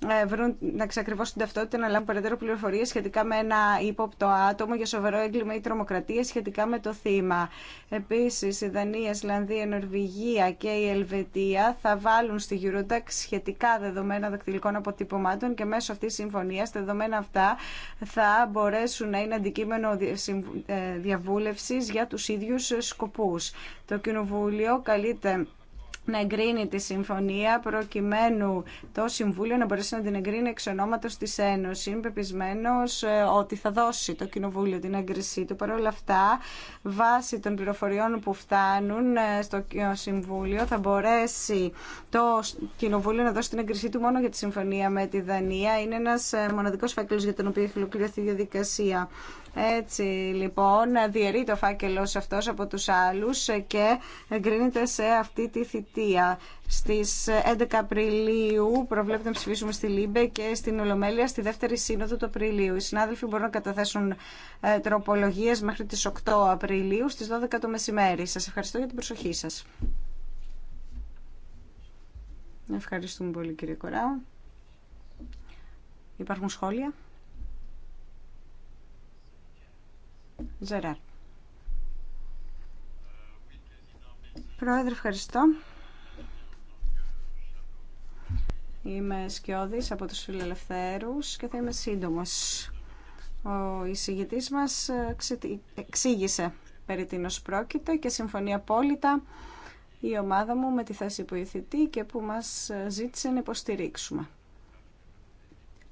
E: να ε, βρουν να ξεκριβώσουν την ταυτότητα, να λάβουν περαιτέρω πληροφορίε σχετικά με ένα ύποπτο άτομο για σοβαρό έγκλημα ή τρομοκρατία σχετικά με το θύμα. Επίση, η Δανία, η Ισλανδία, η Νορβηγία και η Ελβετία θα βάλουν στη Eurotax σχετικά δεδομένα δακτυλικών αποτυπωμάτων και μέσω αυτή τη συμφωνία τα δεδομένα αυτά θα μπορέσουν να είναι αντικείμενο ε, διαβούλευση για του ίδιου σκοπού. Το Κοινοβούλιο καλείται να εγκρίνει τη συμφωνία προκειμένου το Συμβούλιο να μπορέσει να την εγκρίνει εξ ονόματο της Ένωσης. Είμαι πεπισμένο ε, ότι θα δώσει το Κοινοβούλιο την έγκρισή του. Παρ' όλα αυτά, βάσει των πληροφοριών που φτάνουν ε, στο Συμβούλιο, θα μπορέσει το Κοινοβούλιο να δώσει την έγκρισή του μόνο για τη συμφωνία με τη Δανία. Είναι ένα ε, μοναδικό φακελό για τον οποίο έχει ολοκληρωθεί η διαδικασία έτσι λοιπόν διαιρεί το φάκελος αυτός από τους άλλους και εγκρίνεται σε αυτή τη θητεία. Στις 11 Απριλίου προβλέπεται να ψηφίσουμε στη Λίμπε και στην Ολομέλεια στη δεύτερη σύνοδο του Απριλίου. Οι συνάδελφοι μπορούν να καταθέσουν ε, τροπολογίες μέχρι τις 8 Απριλίου στις 12 το μεσημέρι. Σας ευχαριστώ για την προσοχή σας. Ευχαριστούμε πολύ κύριε Κοράου. Υπάρχουν σχόλια. Ζεράρ. Πρόεδρε, ευχαριστώ. Είμαι Σκιώδης από τους Φιλελευθέρους και θα είμαι σύντομος. Ο εισηγητής μας εξήγησε περί τίνος πρόκειται και συμφωνεί απόλυτα η ομάδα μου με τη θέση που ηθητή και που μας ζήτησε να υποστηρίξουμε.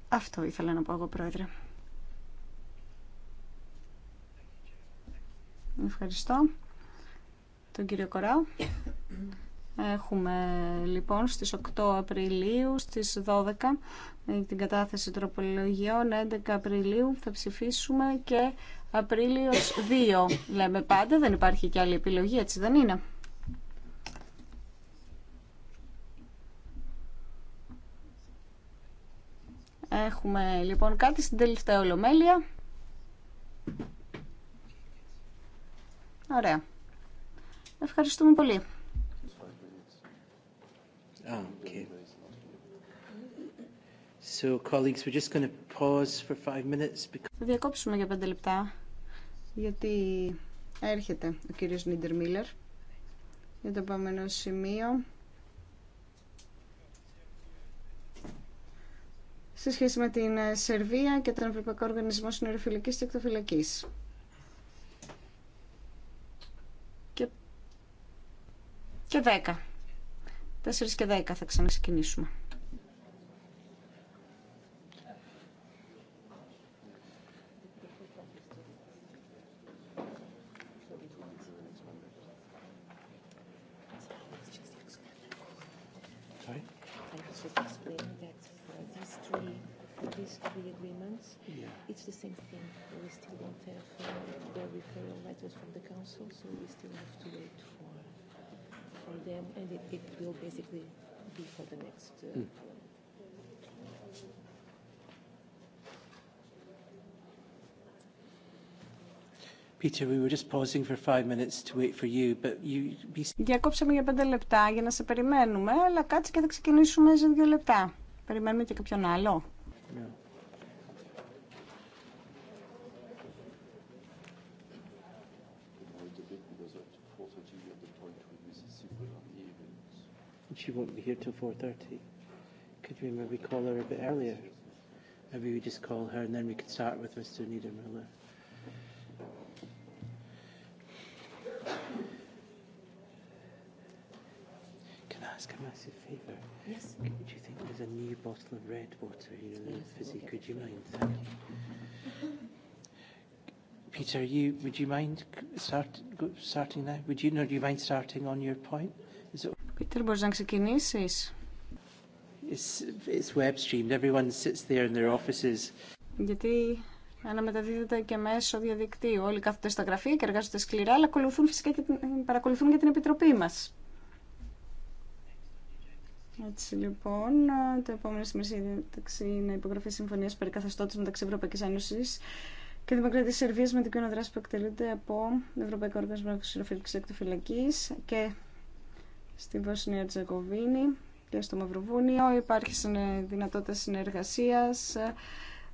E: Αυτό ήθελα να πω εγώ, Πρόεδρε. Ευχαριστώ τον κύριο Κοράου. Έχουμε λοιπόν στις 8 Απριλίου, στις 12 ε, την κατάθεση τροπολογιών, 11 Απριλίου θα ψηφίσουμε και Απρίλιος 2. Λέμε πάντα, δεν υπάρχει και άλλη επιλογή, έτσι δεν είναι. Έχουμε λοιπόν κάτι στην τελευταία ολομέλεια. Ωραία. Ευχαριστούμε πολύ. Θα διακόψουμε για πέντε λεπτά, γιατί έρχεται ο κύριος Νίντερ Μίλλερ για το επόμενο σημείο. σε σχέση με την Σερβία και τον Ευρωπαϊκό Οργανισμό Συνοριοφυλακής και Εκτοφυλακής. και 10. 4 και 10 θα ξαναξεκινήσουμε.
B: Peter, we were just pausing for five minutes to wait for you, but you...
E: για πέντε λεπτά για να σε περιμένουμε, αλλά κάτσε και θα ξεκινήσουμε σε δύο λεπτά. Περιμένουμε και κάποιον άλλο.
B: No. She won't be here till 4.30. Could we maybe call her a bit earlier? Maybe we just call her and then we could start with Mr. Niedermüller. massive favour? Yes. Could you think there's a new bottle of red water, you know, yes, fizzy? Could you mind? Thank you. Peter, you would you mind start, starting now? Would you, no, do you mind starting on your point? Is it... Peter, μπορείς να ξεκινήσεις. It's, it's web streamed. Everyone sits there in their offices.
E: Γιατί αναμεταδίδεται και μέσω διαδικτύου. Όλοι κάθονται στα γραφεία και εργάζονται σκληρά, αλλά ακολουθούν φυσικά και την, παρακολουθούν και την επιτροπή μας. Έτσι λοιπόν, ε, το επόμενο σημείο διάταξη είναι υπογραφή συμφωνία περί μεταξύ Ευρωπαϊκή Ένωση και Δημοκρατία Σερβία με την κοινή δράση που εκτελείται από Ευρωπαϊκό Οργανισμό Ξηροφύλαξη Εκτοφυλακή και στη Βοσνία Τζεκοβίνη και στο Μαυροβούνιο. Υπάρχει δυνατότητα συνεργασία.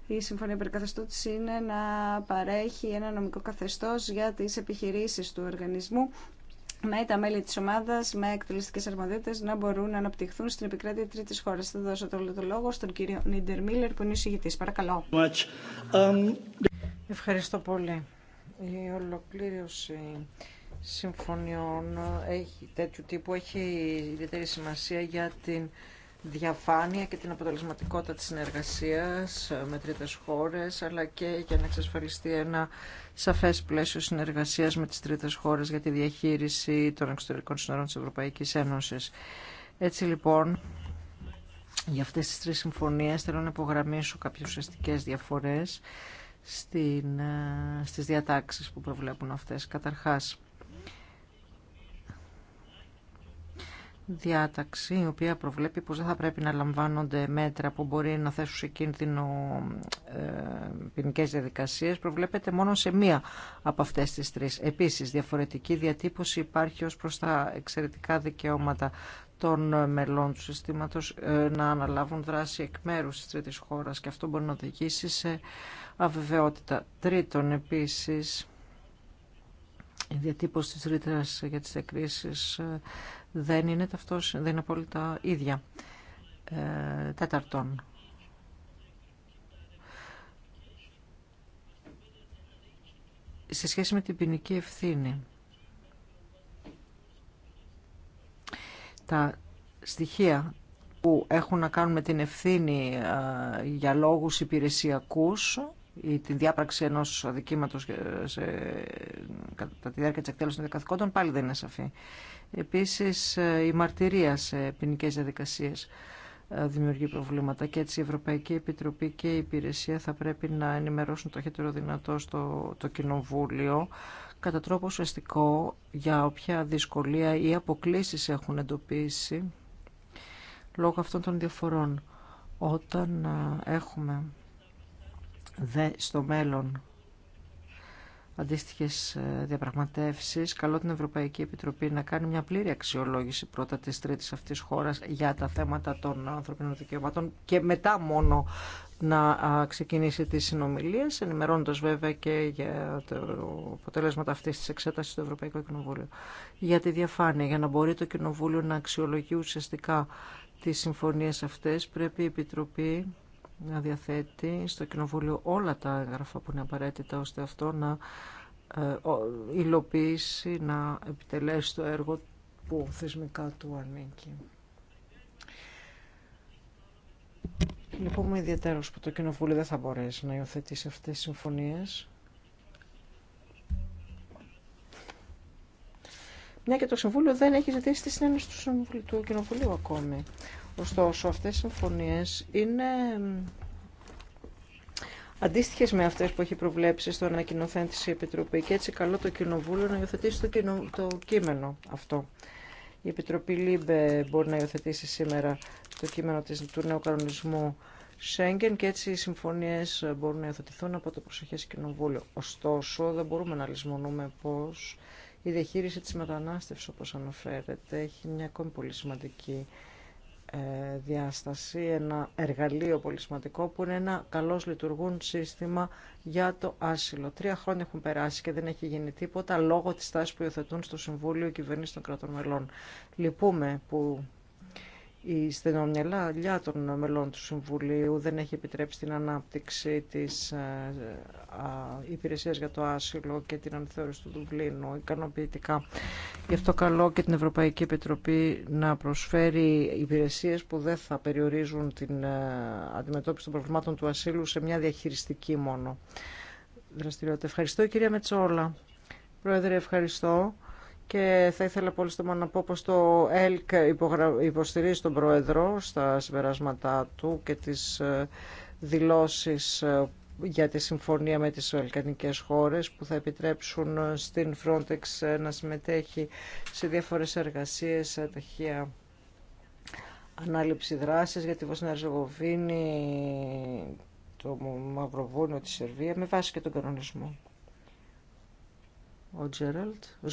E: Η Συμφωνία Περικαθεστώτηση είναι να παρέχει ένα νομικό καθεστώ για τι επιχειρήσει του οργανισμού με τα μέλη της ομάδας με εκτελεστικές αρμοδιότητες να μπορούν να αναπτυχθούν στην επικράτεια τρίτη χώρας. Θα δώσω το λόγο στον κύριο Νίντερ Μίλλερ που είναι εισηγητής. Παρακαλώ. Ευχαριστώ πολύ. Η ολοκλήρωση
F: συμφωνιών έχει, τέτοιου τύπου έχει ιδιαίτερη σημασία για την διαφάνεια και την αποτελεσματικότητα της συνεργασίας ε, με τρίτες χώρες, αλλά και για να εξασφαλιστεί ένα σαφές πλαίσιο συνεργασίας με τις τρίτες χώρες για τη διαχείριση των εξωτερικών συνορών της Ευρωπαϊκής Ένωσης. Έτσι λοιπόν, για αυτές τις τρεις συμφωνίες θέλω να υπογραμμίσω κάποιες ουσιαστικέ διαφορές στην, ε, στις διατάξεις που προβλέπουν αυτές. Καταρχάς, διάταξη η οποία προβλέπει πως δεν θα πρέπει να λαμβάνονται μέτρα που μπορεί να θέσουν σε κίνδυνο ε, ποινικέ διαδικασίες προβλέπεται μόνο σε μία από αυτές τις τρεις. Επίσης διαφορετική διατύπωση υπάρχει ως προς τα εξαιρετικά δικαιώματα των μελών του συστήματος ε, να αναλάβουν δράση εκ μέρους της τρίτης χώρας και αυτό μπορεί να οδηγήσει σε αβεβαιότητα. Τρίτον επίσης η διατύπωση της ρήτρα για τις εκκρίσεις ε, δεν είναι, ταυτός, δεν είναι απόλυτα ίδια. Ε, τέταρτον, σε σχέση με την ποινική ευθύνη, τα στοιχεία που έχουν να κάνουν με την ευθύνη ε, για λόγους υπηρεσιακούς ή τη διάπραξη ενό αδικήματο κατά τη διάρκεια τη εκτέλεση των καθηκόντων πάλι δεν είναι σαφή. Επίση, ε, η διαπραξη σε ποινικέ διαδικασίε ε, δημιουργεί δικαθηκόντων παλι και έτσι η Ευρωπαϊκή Επιτροπή και η Υπηρεσία θα πρέπει να ενημερώσουν το χέτερο δυνατό στο το Κοινοβούλιο κατά τρόπο ουσιαστικό για όποια δυσκολία ή αποκλήσεις έχουν εντοπίσει λόγω αυτών των διαφορών. Όταν ε, έχουμε δε στο μέλλον αντίστοιχε ε, διαπραγματεύσεις. Καλό την Ευρωπαϊκή Επιτροπή να κάνει μια πλήρη αξιολόγηση πρώτα της τρίτης αυτής χώρας για τα θέματα των ανθρωπίνων δικαιωμάτων και μετά μόνο να ξεκινήσει τις συνομιλίες, ενημερώνοντας βέβαια και για το αποτέλεσμα αυτής της εξέτασης του Ευρωπαϊκού Κοινοβούλιο. Για τη διαφάνεια, για να μπορεί το Κοινοβούλιο να αξιολογεί ουσιαστικά τις συμφωνίες αυτές, πρέπει η Επιτροπή να διαθέτει στο Κοινοβούλιο όλα τα έγγραφα που είναι απαραίτητα ώστε αυτό να ε, υλοποιήσει, να επιτελέσει το έργο που θεσμικά του ανήκει. Λυπούμε λοιπόν, ιδιαίτερω που το Κοινοβούλιο δεν θα μπορέσει να υιοθετήσει αυτές τις συμφωνίες. Μια και το Συμβούλιο δεν έχει ζητήσει τη συνένωση του Κοινοβουλίου ακόμη. Ωστόσο, αυτές οι συμφωνίες είναι αντίστοιχε με αυτές που έχει προβλέψει στο ανακοινωθέν της Επιτροπή. Και έτσι καλό το Κοινοβούλιο να υιοθετήσει το, το κείμενο αυτό. Η Επιτροπή ΛΥΜΠΕ μπορεί να υιοθετήσει σήμερα το κείμενο της, του νέου κανονισμού Σέγγεν και έτσι οι συμφωνίες μπορούν να υιοθετηθούν από το προσεχές Κοινοβούλιο. Ωστόσο, δεν μπορούμε να λησμονούμε πως η διαχείριση τη μετανάστευση, όπω αναφέρεται, έχει μια ακόμη πολύ σημαντική ε, διάσταση, ένα εργαλείο πολύ σημαντικό που είναι ένα καλώς λειτουργούν σύστημα για το άσυλο. Τρία χρόνια έχουν περάσει και δεν έχει γίνει τίποτα λόγω της τάσης που υιοθετούν στο Συμβούλιο Κυβερνήσεων των Κρατών Μελών. Λυπούμε που η στενομυαλιά των μελών του Συμβουλίου δεν έχει επιτρέψει την ανάπτυξη της ε, υπηρεσίας για το άσυλο και την ανθεώρηση του Δουβλίνου ικανοποιητικά. Γι' αυτό καλό και την Ευρωπαϊκή Επιτροπή να προσφέρει υπηρεσίες που δεν θα περιορίζουν την ε, αντιμετώπιση των προβλημάτων του ασύλου σε μια διαχειριστική μόνο δραστηριότητα. Ευχαριστώ κυρία Μετσόλα. Πρόεδρε, ευχαριστώ και θα ήθελα πολύ στο να πω πως το ΕΛΚ υποστηρίζει τον Πρόεδρο στα συμπεράσματά του και τις ε, δηλώσεις ε, για τη συμφωνία με τις βαλκανικές χώρες που θα επιτρέψουν ε, στην Frontex να συμμετέχει σε διάφορες εργασίες ταχεία ανάληψη δράσης για τη Βοσνία Ριζεγοβίνη, το Μαυροβούνιο, τη Σερβία με βάση και τον κανονισμό. Ο Τζέραλτ, ο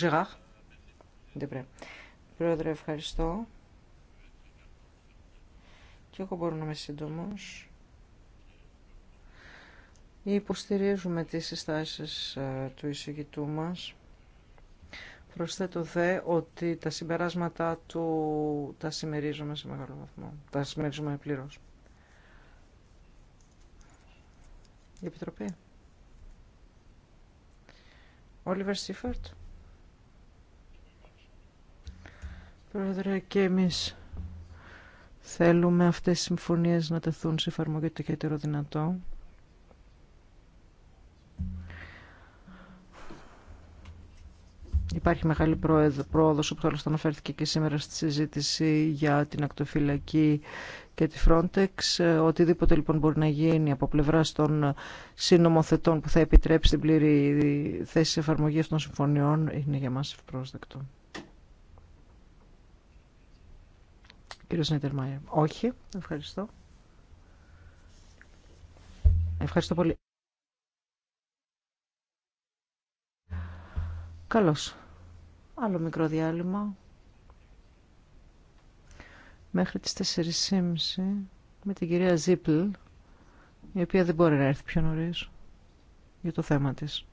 F: Πρόεδρε, ευχαριστώ. Και εγώ μπορώ να είμαι σύντομο. Υποστηρίζουμε τις συστάσεις ε, του εισηγητού μας. Προσθέτω δε ότι τα συμπεράσματα του τα συμμερίζουμε σε μεγάλο βαθμό. Τα συμμερίζουμε πλήρως. Η Επιτροπή. Oliver Seifert. Πρόεδρε, και εμείς θέλουμε αυτές οι συμφωνίες να τεθούν σε εφαρμογή το χαίτερο δυνατό. Υπάρχει μεγάλη πρόοδος, όπως άλλωστε αναφέρθηκε και σήμερα στη συζήτηση για την ακτοφυλακή και τη Frontex. Ε, οτιδήποτε λοιπόν μπορεί να γίνει από πλευρά των συνομοθετών που θα επιτρέψει την πλήρη θέση εφαρμογή των συμφωνιών είναι για μας ευπρόσδεκτο. Κύριος Νίτερμαϊερ. Όχι. Ευχαριστώ. Ευχαριστώ πολύ. Καλώς. Άλλο μικρό διάλειμμα. Μέχρι τις 4.30 με την κυρία Ζίπλ, η οποία δεν μπορεί να έρθει πιο νωρίς για το θέμα της.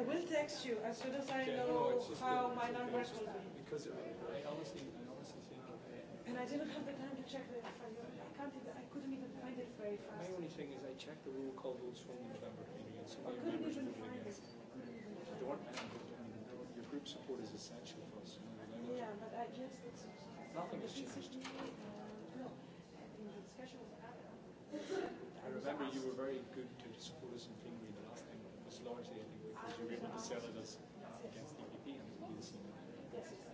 F: I will text you as soon as I know how my numbers will be.
C: Because I honestly, honestly And I didn't have the time to check the I can't even, I couldn't even find it very fast. My only thing is I checked the rule called rules from the member committee I somebody to it again. Your group support is essential for us. Yeah,
D: but I just nothing has
C: changed. I remember you were very good to support us in Finland the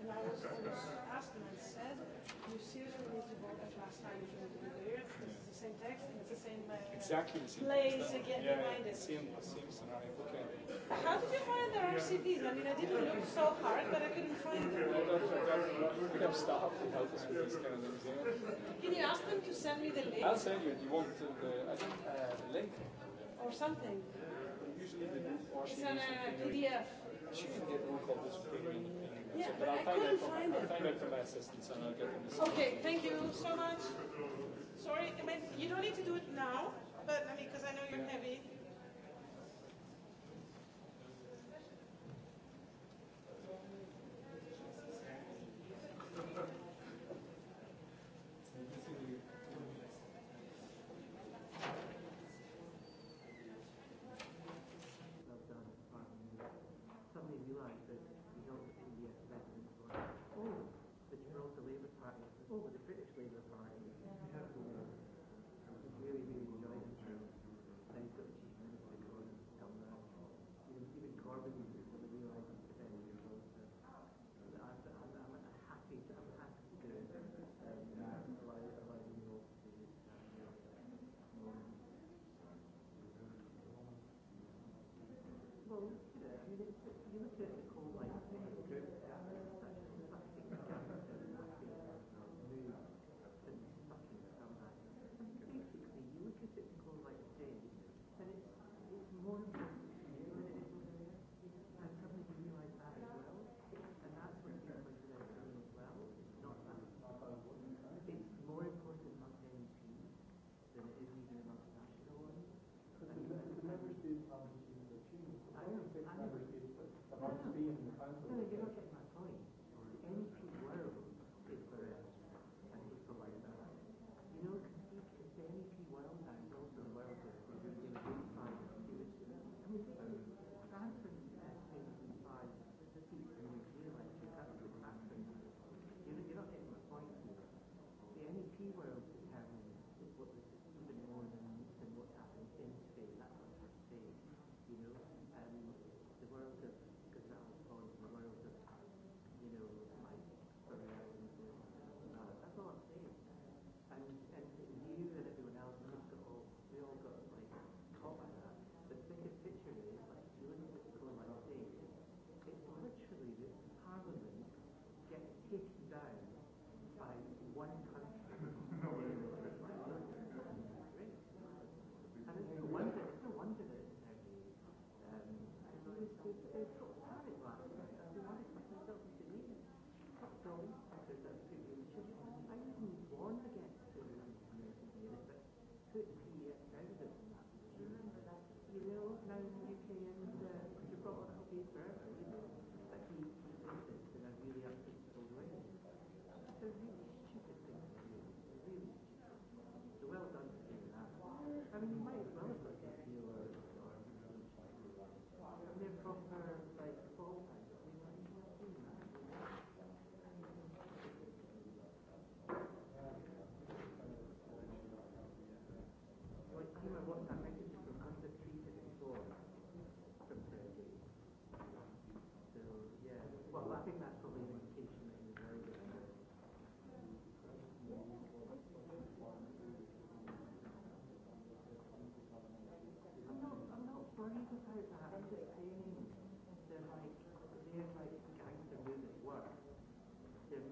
C: I was
D: last time the same
C: the same exactly the
B: same Okay. How did you find the RCVs? I mean, I didn't look so hard, but I couldn't find them. to help us with
C: kind of
F: Can you ask them to send me the link? I'll send
C: you. you want the, I think, uh, the link? Or something usually the a PDF. She get one this premium. Yeah, but I couldn't find it. I'll find it from my assistants and I'll get them.
A: Okay, thank you so much. Sorry, I mean, you don't need to do it now, but I mean, because I know you're heavy.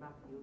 C: Matthew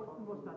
C: What was that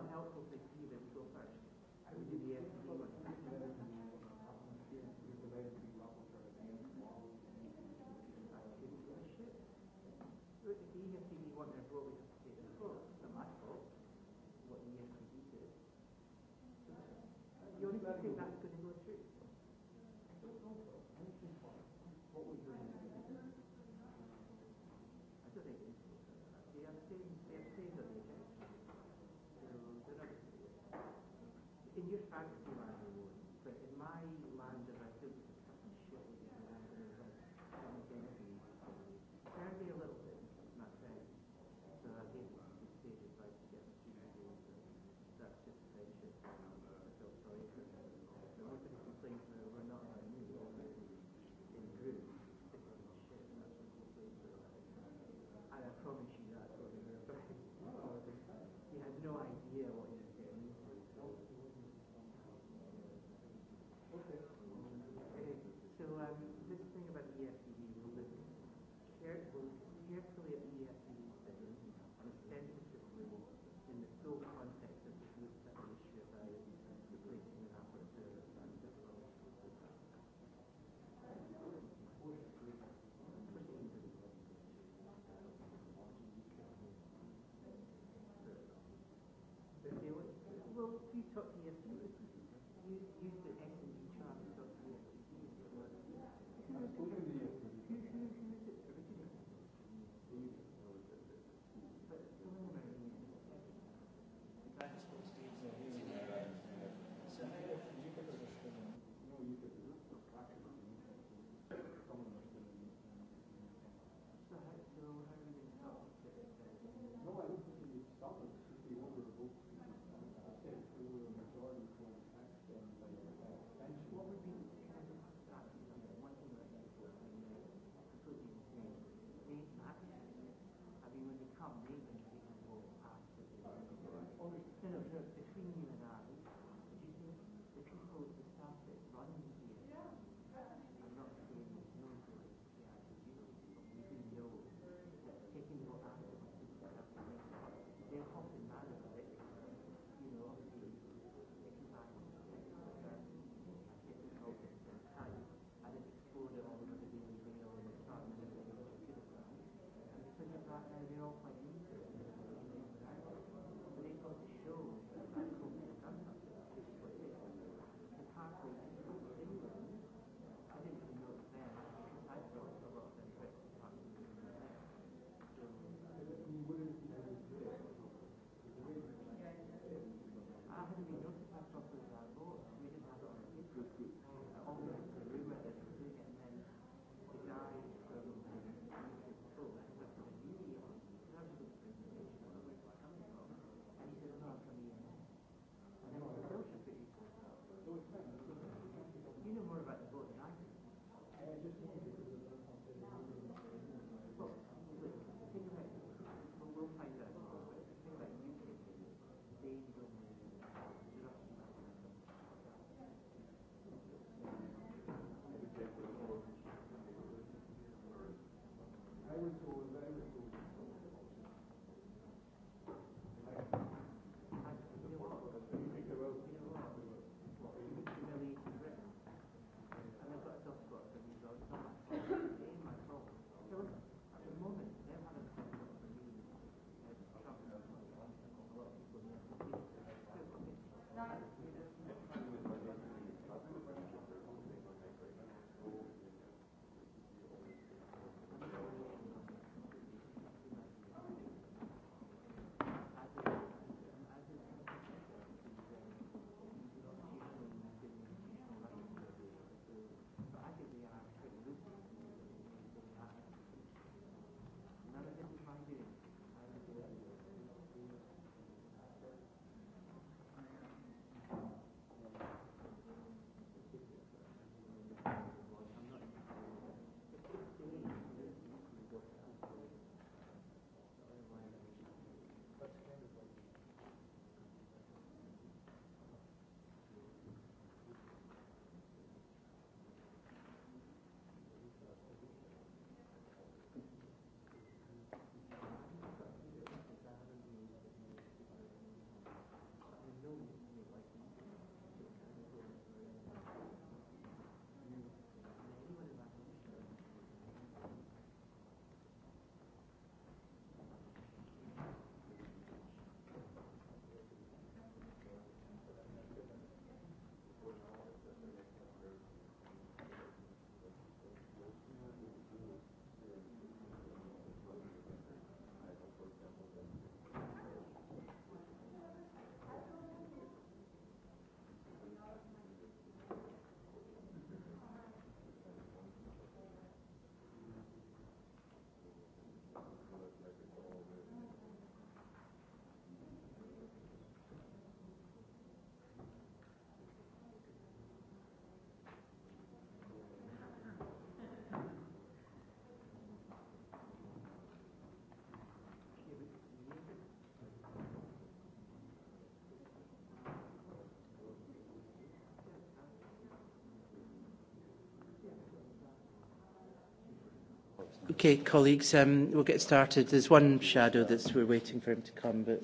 B: Okay, colleagues, um, we'll get started. There's one shadow we're waiting for him to come, but...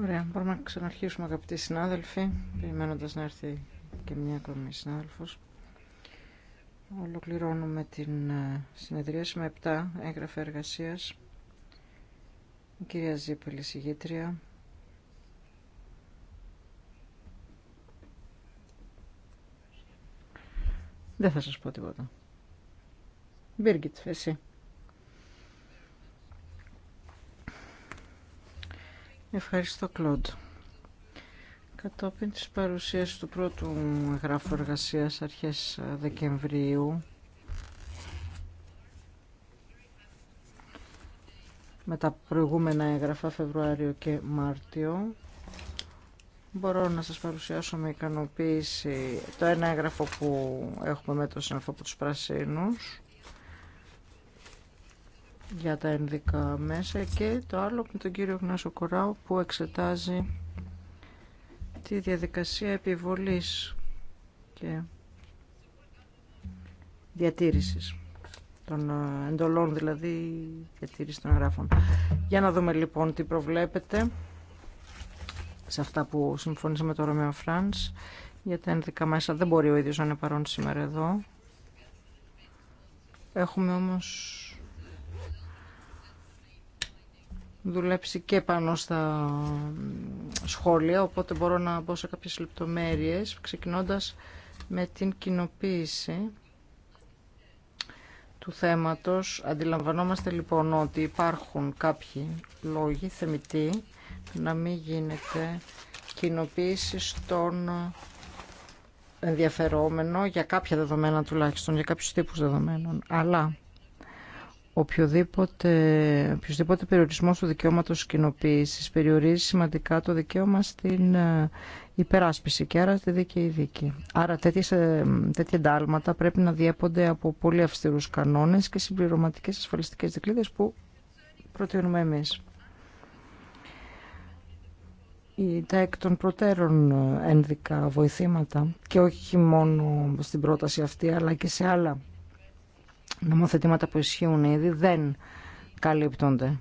F: Ωραία, μπορούμε να ξαναρχίσουμε αγαπητοί συνάδελφοι, περιμένοντα να έρθει και μια ακόμη συνάδελφο. Ολοκληρώνουμε την ε, συνεδρίαση με 7 έγγραφα εργασία, Η κυρία Ζήπελη, συγγήτρια. Δεν θα σας πω τίποτα. Birgit, εσύ. Ευχαριστώ, Κλοντ. Κατόπιν της παρουσίας του πρώτου γράφου εργασίας αρχές ε, Δεκεμβρίου, με τα προηγούμενα έγγραφα Φεβρουάριο και Μάρτιο, μπορώ να σας παρουσιάσω με ικανοποίηση το ένα έγγραφο που έχουμε με το συναφό από τους Πρασίνους, για τα ενδικά μέσα και το άλλο με τον κύριο Γνάσο Κοράου που εξετάζει τη διαδικασία επιβολής και διατήρησης των ε, εντολών δηλαδή διατήρηση των εγγράφων. Για να δούμε λοιπόν τι προβλέπετε σε αυτά που συμφωνήσαμε με το Ρωμαίο Φρανς για τα ενδικά μέσα. Δεν μπορεί ο ίδιος να είναι παρόν σήμερα εδώ. Έχουμε όμως δουλέψει και πάνω στα σχόλια, οπότε μπορώ να μπω σε κάποιες λεπτομέρειες, ξεκινώντας με την κοινοποίηση του θέματος. Αντιλαμβανόμαστε λοιπόν ότι υπάρχουν κάποιοι λόγοι θεμητοί να μην γίνεται κοινοποίηση στον ενδιαφερόμενο για κάποια δεδομένα τουλάχιστον, για κάποιους τύπους δεδομένων. Αλλά οποιοδήποτε, οποιοδήποτε περιορισμός του δικαιώματος κοινοποίησης περιορίζει σημαντικά το δικαίωμα στην ε, υπεράσπιση και άρα στη δίκαιη δίκη. Άρα τέτοιες, ε, τέτοια εντάλματα πρέπει να διέπονται από πολύ αυστηρούς κανόνες και συμπληρωματικές ασφαλιστικές δικλείδες που προτείνουμε εμείς. Τα εκ των προτέρων ε, ένδικα βοηθήματα και όχι μόνο στην πρόταση αυτή αλλά και σε άλλα νομοθετήματα που ισχύουν ήδη δεν καλύπτονται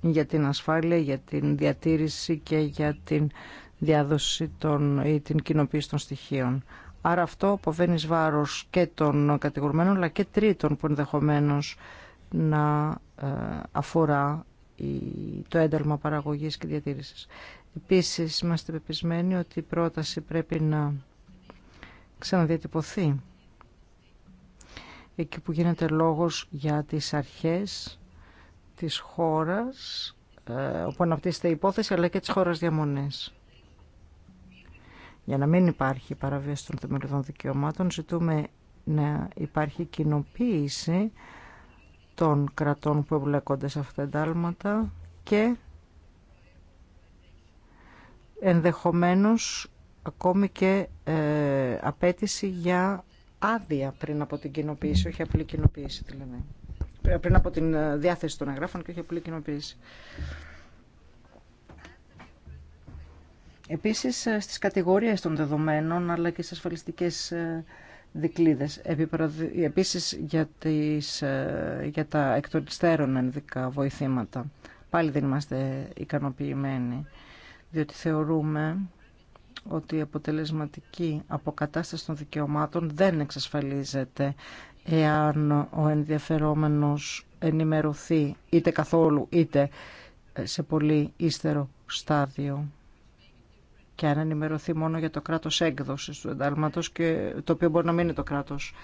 F: για την ασφάλεια, για την διατήρηση και για την διάδοση των, ή την κοινοποίηση των στοιχείων. Άρα αυτό αποβαίνει βάρος και των κατηγορουμένων αλλά και τρίτων που ενδεχομένω να ε, αφορά το ένταλμα παραγωγής και διατήρησης. Επίσης είμαστε πεπισμένοι ότι η πρόταση πρέπει να ξαναδιατυπωθεί εκεί που γίνεται λόγος για τις αρχές της χώρας ε, όπου αναπτύσσεται η υπόθεση αλλά και της χώρας διαμονές. Για να μην υπάρχει παραβίαση των θεμελιωδών δικαιωμάτων ζητούμε να υπάρχει κοινοποίηση των κρατών που εμπλέκονται σε αυτά τα εντάλματα και ενδεχομένως ακόμη και ε, απέτηση για άδεια πριν από την κοινοποίηση, όχι απλή κοινοποίηση δηλαδή. Πριν από την ε, διάθεση των εγγράφων και όχι απλή κοινοποίηση. Επίσης ε, στις κατηγορίες των δεδομένων αλλά και στις ασφαλιστικές ε, δικλίδες. Επίσης για, τις, για τα εκ των υστέρων ενδικά βοηθήματα. Πάλι δεν είμαστε ικανοποιημένοι διότι θεωρούμε ότι η αποτελεσματική αποκατάσταση των δικαιωμάτων δεν εξασφαλίζεται εάν ο ενδιαφερόμενος ενημερωθεί είτε καθόλου είτε ε, σε πολύ ύστερο στάδιο και αν ενημερωθεί μόνο για το κράτος έκδοσης του εντάλματος και το οποίο μπορεί να μην είναι το κράτος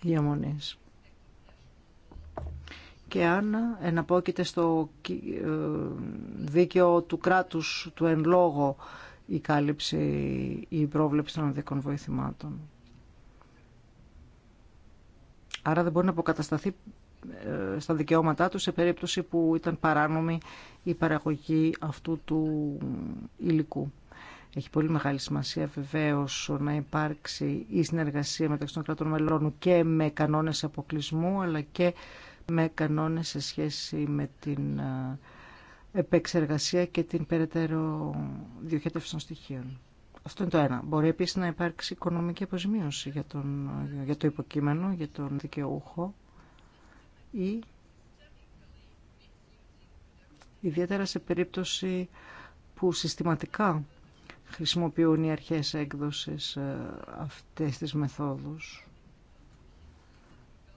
F: διαμονής. Και αν εναπόκειται στο ε, δίκαιο του κράτους του εν λόγω η κάλυψη, η πρόβλεψη των αδικών βοηθημάτων. Άρα δεν μπορεί να αποκατασταθεί ε, στα δικαιώματά του σε περίπτωση που ήταν παράνομη η παραγωγή αυτού του υλικού. Έχει πολύ μεγάλη σημασία βεβαίω να υπάρξει η συνεργασία μεταξύ των κρατών μελών και με κανόνες αποκλεισμού αλλά και με κανόνες σε σχέση με την ε, επεξεργασία και την περαιτέρω διοχέτευση των στοιχείων. Αυτό είναι το ένα. Μπορεί επίσης να υπάρξει οικονομική αποζημίωση για, τον, για το υποκείμενο, για τον δικαιούχο ή ιδιαίτερα σε περίπτωση που συστηματικά χρησιμοποιούν οι αρχές έκδοσης ε, αυτές τις μεθόδους.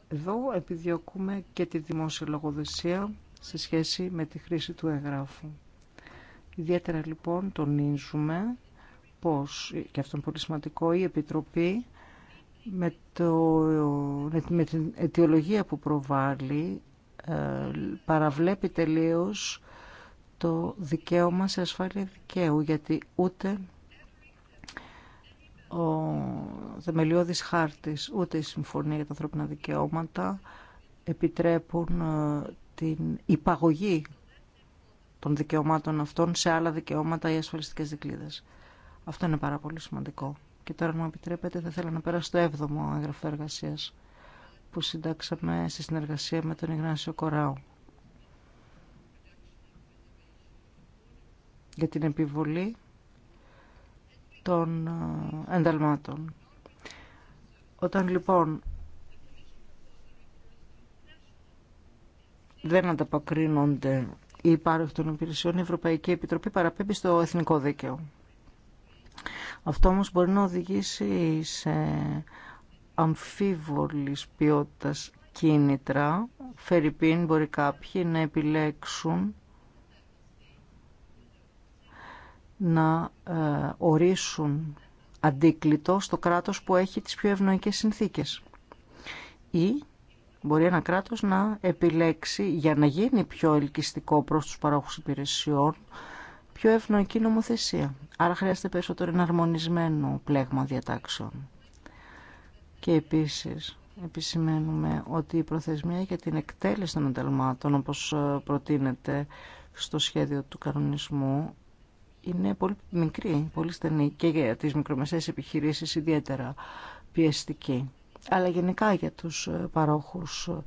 F: Εδώ επιδιώκουμε και τη δημόσια λογοδοσία σε σχέση με τη χρήση του εγγράφου. Ιδιαίτερα λοιπόν τονίζουμε πως, και αυτό είναι πολύ σημαντικό, η Επιτροπή με, το, με την αιτιολογία που προβάλλει ε, παραβλέπει τελείως το δικαίωμα σε ασφάλεια δικαίου, γιατί ούτε ο θεμελιώδης χάρτης, ούτε η Συμφωνία για τα ανθρώπινα δικαιώματα επιτρέπουν ε, την υπαγωγή των δικαιωμάτων αυτών σε άλλα δικαιώματα ή ασφαλιστικές δικλείδες. Αυτό είναι πάρα πολύ σημαντικό. Και τώρα, αν μου επιτρέπετε, θα ήθελα να πέρασω το 7ο έγγραφο εργασία που συντάξαμε στη συνεργασία με τον Ιγνάσιο Κοράου. για την επιβολή των ε, ενταλμάτων. Όταν λοιπόν δεν ανταποκρίνονται οι υπάρχοι των υπηρεσιών, η Ευρωπαϊκή Επιτροπή παραπέμπει στο εθνικό δίκαιο. Αυτό όμως μπορεί να οδηγήσει σε αμφίβολης ποιότητας κίνητρα. Φερρυπίν μπορεί κάποιοι να επιλέξουν να ε, ορίσουν αντίκλητο στο κράτος που έχει τις πιο ευνοϊκές συνθήκες ή μπορεί ένα κράτος να επιλέξει για να γίνει πιο ελκυστικό προς τους παρόχους υπηρεσιών πιο ευνοϊκή νομοθεσία. Άρα χρειάζεται περισσότερο εναρμονισμένο πλέγμα διατάξεων. Και επίσης επισημαίνουμε ότι η προθεσμία για την εκτέλεση των ανταλμάτων, όπως ε, προτείνεται στο σχέδιο του κανονισμού είναι πολύ μικρή, πολύ στενή και για τις μικρομεσαίες επιχειρήσεις ιδιαίτερα πιεστική αλλά γενικά για τους ε, παρόχους ε,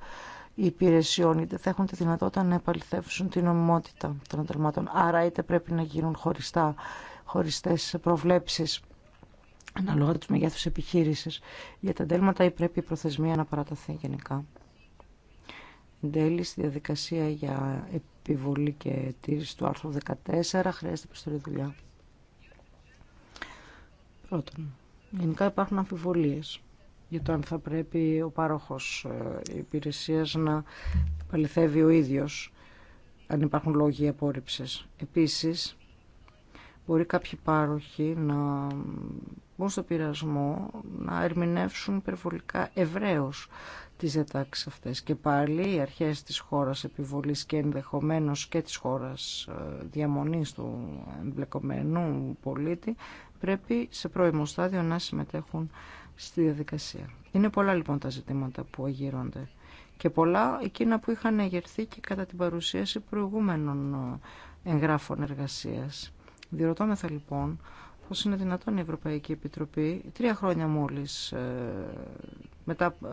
F: υπηρεσιών, είτε θα έχουν τη δυνατότητα να επαληθεύσουν την νομιμότητα των ανταλμάτων Άρα είτε πρέπει να γίνουν χωριστά, χωριστές προβλέψεις ανάλογα του μεγέθους επιχείρησης για τα αντέλματα ή πρέπει η προθεσμία να παραταθεί γενικά. Εν τέλει, στη διαδικασία για επιβολή και τήρηση του άρθρου 14 χρειάζεται επιστολή δουλειά. Πρώτον, γενικά υπάρχουν αμφιβολίες για το αν θα πρέπει ο πάροχος ε, υπηρεσίας να παληθεύει ο ίδιος αν υπάρχουν λόγοι απόρριψης. Επίσης, μπορεί κάποιοι πάροχοι να μπουν στο πειρασμό να ερμηνεύσουν υπερβολικά ευρέως τις διατάξεις αυτές. Και πάλι οι αρχές της χώρας επιβολής και ενδεχομένως και της χώρας ε, διαμονής του εμπλεκομένου πολίτη πρέπει σε πρώιμο στάδιο να συμμετέχουν στη διαδικασία. Είναι πολλά λοιπόν τα ζητήματα που αγείρονται και πολλά εκείνα που είχαν αγερθεί και κατά την παρουσίαση προηγούμενων ε, εγγράφων εργασίας. Διερωτώμεθα λοιπόν πώς είναι δυνατόν η Ευρωπαϊκή Επιτροπή τρία χρόνια μόλις ε, μετά, ε,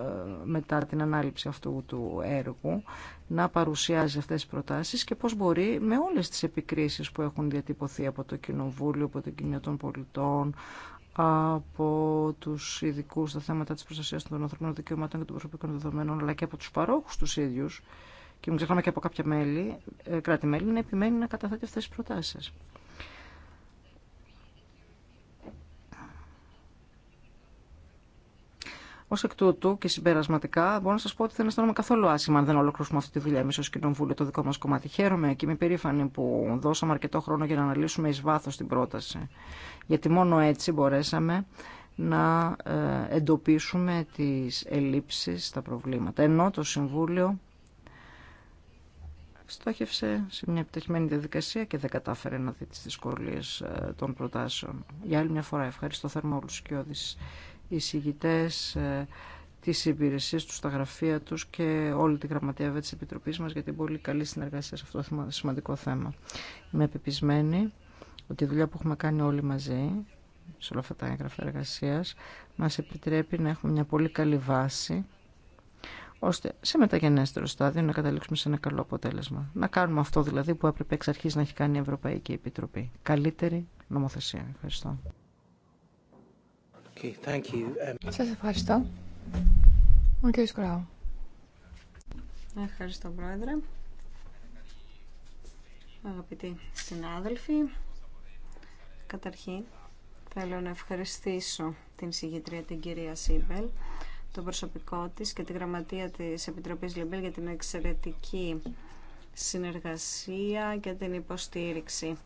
F: μετά την ανάληψη αυτού του έργου να παρουσιάζει αυτές τις προτάσεις και πώς μπορεί με όλες τις επικρίσεις που έχουν διατυπωθεί από το Κοινοβούλιο, από την Κοινωνία των Πολιτών, από τους ειδικού στα θέματα της προστασία των ανθρωπίνων δικαιωμάτων και των προσωπικών δεδομένων, αλλά και από τους παρόχου τους ίδιου, και μην ξεχνάμε και από κάποια μέλη, ε, κράτη-μέλη, να επιμένει να καταθέτει αυτέ τις προτάσεις. Ω εκ τούτου και συμπερασματικά, μπορώ να σα πω ότι δεν αισθάνομαι καθόλου άσχημα αν δεν ολοκληρώσουμε αυτή τη δουλειά εμεί ω Κοινοβούλιο, το δικό μα κομμάτι. Χαίρομαι και είμαι περήφανη που δώσαμε αρκετό χρόνο για να αναλύσουμε ει βάθο την πρόταση. Γιατί μόνο έτσι μπορέσαμε να ε, εντοπίσουμε τι ελλείψεις, τα προβλήματα. Ενώ το Συμβούλιο στόχευσε σε μια επιτυχημένη διαδικασία και δεν κατάφερε να δει τι δυσκολίε ε, των προτάσεων. Για άλλη μια φορά ευχαριστώ θερμά όλου και εισηγητές ε, τις υπηρεσίες τους, τα γραφεία τους και όλη τη γραμματεία της Επιτροπής μας για την πολύ καλή συνεργασία σε αυτό το σημαντικό θέμα. Είμαι επιπισμένη ότι η δουλειά που έχουμε κάνει όλοι μαζί σε όλα αυτά τα έγγραφα εργασία μας επιτρέπει να έχουμε μια πολύ καλή βάση ώστε σε μεταγενέστερο στάδιο να καταλήξουμε σε ένα καλό αποτέλεσμα. Να κάνουμε αυτό δηλαδή που έπρεπε εξ αρχής να έχει κάνει η Ευρωπαϊκή Επιτροπή. Καλύτερη νομοθεσία. Ευχαριστώ.
B: Um,
A: ευχαριστώ. Ο κ. Κράου.
E: Ευχαριστώ, Πρόεδρε. Αγαπητοί συνάδελφοι, καταρχήν θέλω να ευχαριστήσω την συγγητρία την κυρία Σίμπελ, το προσωπικό της και τη γραμματεία της Επιτροπής Λιμπέλ για την εξαιρετική συνεργασία και την υποστήριξη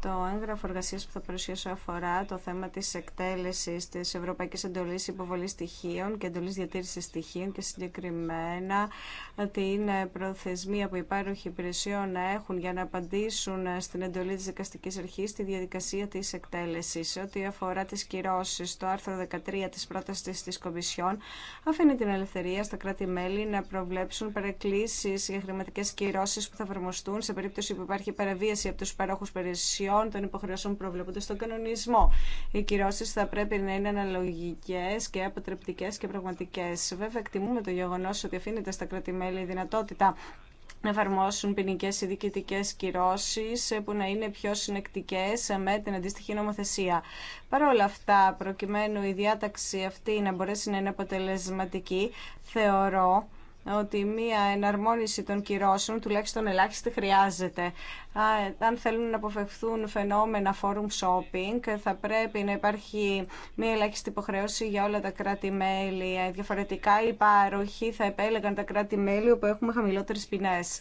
E: το έγγραφο εργασίας που θα παρουσιάσω αφορά το θέμα της εκτέλεσης της Ευρωπαϊκής Εντολής Υποβολής Στοιχείων και Εντολής Διατήρησης Στοιχείων και συγκεκριμένα την προθεσμία που υπάρχει υπηρεσιών να έχουν για να απαντήσουν στην εντολή της δικαστικής αρχής στη διαδικασία της εκτέλεσης. Ό,τι αφορά τις κυρώσεις, το άρθρο 13 της πρότασης της Κομισιόν αφήνει την ελευθερία στα κράτη-μέλη να προβλέψουν παρεκκλήσεις για χρηματικές κυρώσεις που θα εφαρμοστούν σε περίπτωση που υπάρχει παραβίαση από τους παρόχους υπηρεσίων των υποχρεώσεων που προβλέπονται στον κανονισμό. Οι κυρώσει θα πρέπει να είναι αναλογικέ και αποτρεπτικέ και πραγματικέ. Βέβαια, εκτιμούμε το γεγονό ότι αφήνεται στα κρατη η δυνατότητα να εφαρμόσουν ποινικέ ή διοικητικέ κυρώσει που να είναι πιο συνεκτικέ με την αντίστοιχη νομοθεσία. Παρ' όλα αυτά, προκειμένου η διάταξη αυτή να μπορέσει να είναι αποτελεσματική, θεωρώ ότι μία εναρμόνιση των κυρώσεων τουλάχιστον ελάχιστη χρειάζεται. Αν θέλουν να αποφευθούν φαινόμενα forum shopping, θα πρέπει να υπάρχει μία ελάχιστη υποχρέωση για όλα τα κράτη-μέλη. Ε, διαφορετικά, οι παροχοί θα επέλεγαν τα κράτη-μέλη όπου έχουμε χαμηλότερες ποινές.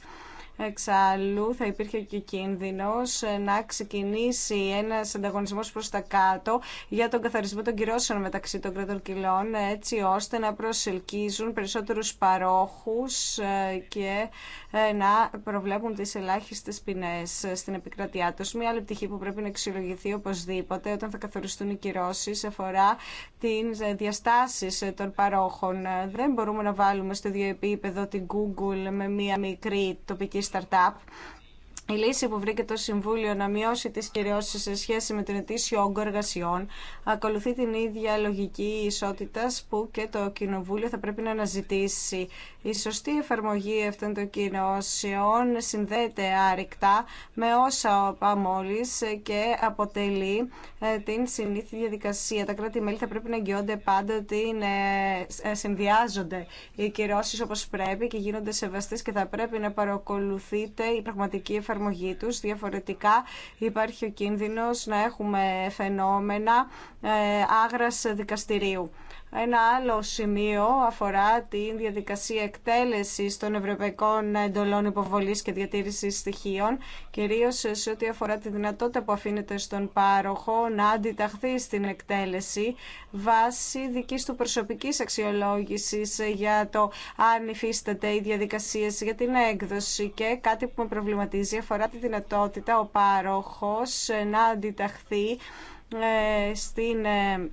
E: Εξάλλου θα υπήρχε και κίνδυνος να ξεκινήσει ένας ανταγωνισμός προς τα κάτω για τον καθαρισμό των κυρώσεων μεταξύ των κρατών κοιλών έτσι ώστε να προσελκύζουν περισσότερους παρόχους ε, και ε, να προβλέπουν τις ελάχιστες ποινές στην επικρατειά τους. Μία άλλη πτυχή που πρέπει να αξιολογηθεί οπωσδήποτε όταν θα καθοριστούν οι κυρώσεις αφορά τις διαστάσεις των παρόχων. Δεν μπορούμε να βάλουμε στο ίδιο επίπεδο την Google με μία μικρή τοπική startup. Η λύση που βρήκε το Συμβούλιο να μειώσει τις κυριώσεις σε σχέση με την ετήσιο όγκο εργασιών ακολουθεί την ίδια λογική ισότητας που και το Κοινοβούλιο θα πρέπει να αναζητήσει. Η σωστή εφαρμογή αυτών των κυρώσεων συνδέεται άρρηκτα με όσα είπα και αποτελεί ε, την συνήθη διαδικασία. Τα κράτη-μέλη θα πρέπει να εγγυώνται πάντα ότι ε, ε, συνδυάζονται οι κυρώσεις όπως πρέπει και γίνονται σεβαστές και θα πρέπει να παρακολουθείται η πραγματική εφαρμογή τους. Διαφορετικά υπάρχει ο κίνδυνος να έχουμε φαινόμενα άγρας δικαστηρίου. Ένα άλλο σημείο αφορά τη διαδικασία εκτέλεσης των ευρωπαϊκών εντολών υποβολής και διατήρησης στοιχείων, κυρίως σε ό,τι αφορά τη δυνατότητα που αφήνεται στον πάροχο να αντιταχθεί στην εκτέλεση βάσει δικής του προσωπικής αξιολόγησης για το αν υφίσταται οι διαδικασίες για την έκδοση και κάτι που με προβληματίζει αφορά τη δυνατότητα ο πάροχος να αντιταχθεί ε, στην ε,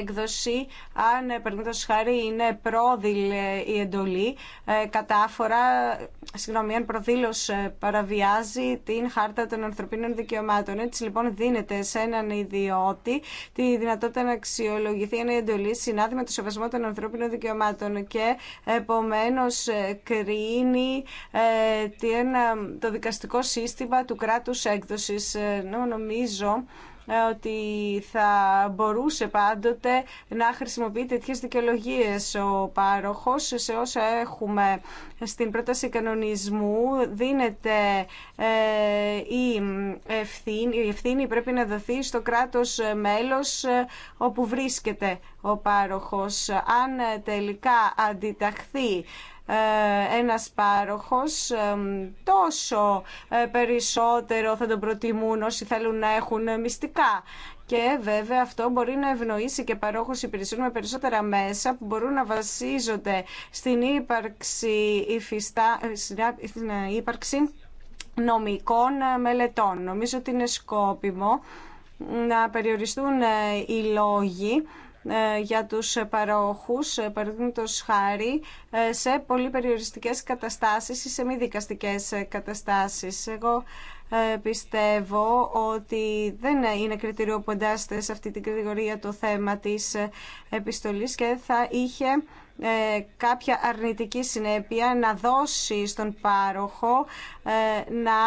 E: έκδοση, αν ε, παραδείγματο χάρη είναι πρόδειλ ε, η εντολή, ε, κατάφορα, συγγνώμη, αν προδήλω παραβιάζει την χάρτα των ανθρωπίνων δικαιωμάτων. Έτσι λοιπόν δίνεται σε έναν ιδιώτη τη δυνατότητα να αξιολογηθεί ένα εντολή συνάδει με το σεβασμό των ανθρώπινων δικαιωμάτων και επομένω κρίνει το δικαστικό σύστημα του κράτου έκδοση. Νομίζω ε, ότι θα μπορούσε πάντοτε να χρησιμοποιεί τέτοιε δικαιολογίε ο πάροχο σε όσα έχουμε στην πρόταση κανονισμού. Δίνεται ε, η ευθύνη, η ευθύνη πρέπει να δοθεί στο κράτος μέλος ε, όπου βρίσκεται ο πάροχος. Αν τελικά αντιταχθεί ε, ένας πάροχος ε, τόσο ε, περισσότερο θα τον προτιμούν όσοι θέλουν να έχουν μυστικά. Και βέβαια αυτό μπορεί να ευνοήσει και παρόχους υπηρεσιών με περισσότερα μέσα που μπορούν να βασίζονται στην ύπαρξη, υφιστά, στην ύπαρξη νομικών μελετών. Νομίζω ότι είναι σκόπιμο να περιοριστούν οι λόγοι ε, για τους παρόχους, ε, παραδείγματος χάρη, ε, σε πολύ περιοριστικές καταστάσεις ή σε μη δικαστικές καταστάσεις. Εγώ πιστεύω ότι δεν είναι κριτήριο που εντάσσεται σε αυτή την κατηγορία το θέμα της επιστολής και θα είχε ε, κάποια αρνητική συνέπεια, να δώσει στον πάροχο ε, να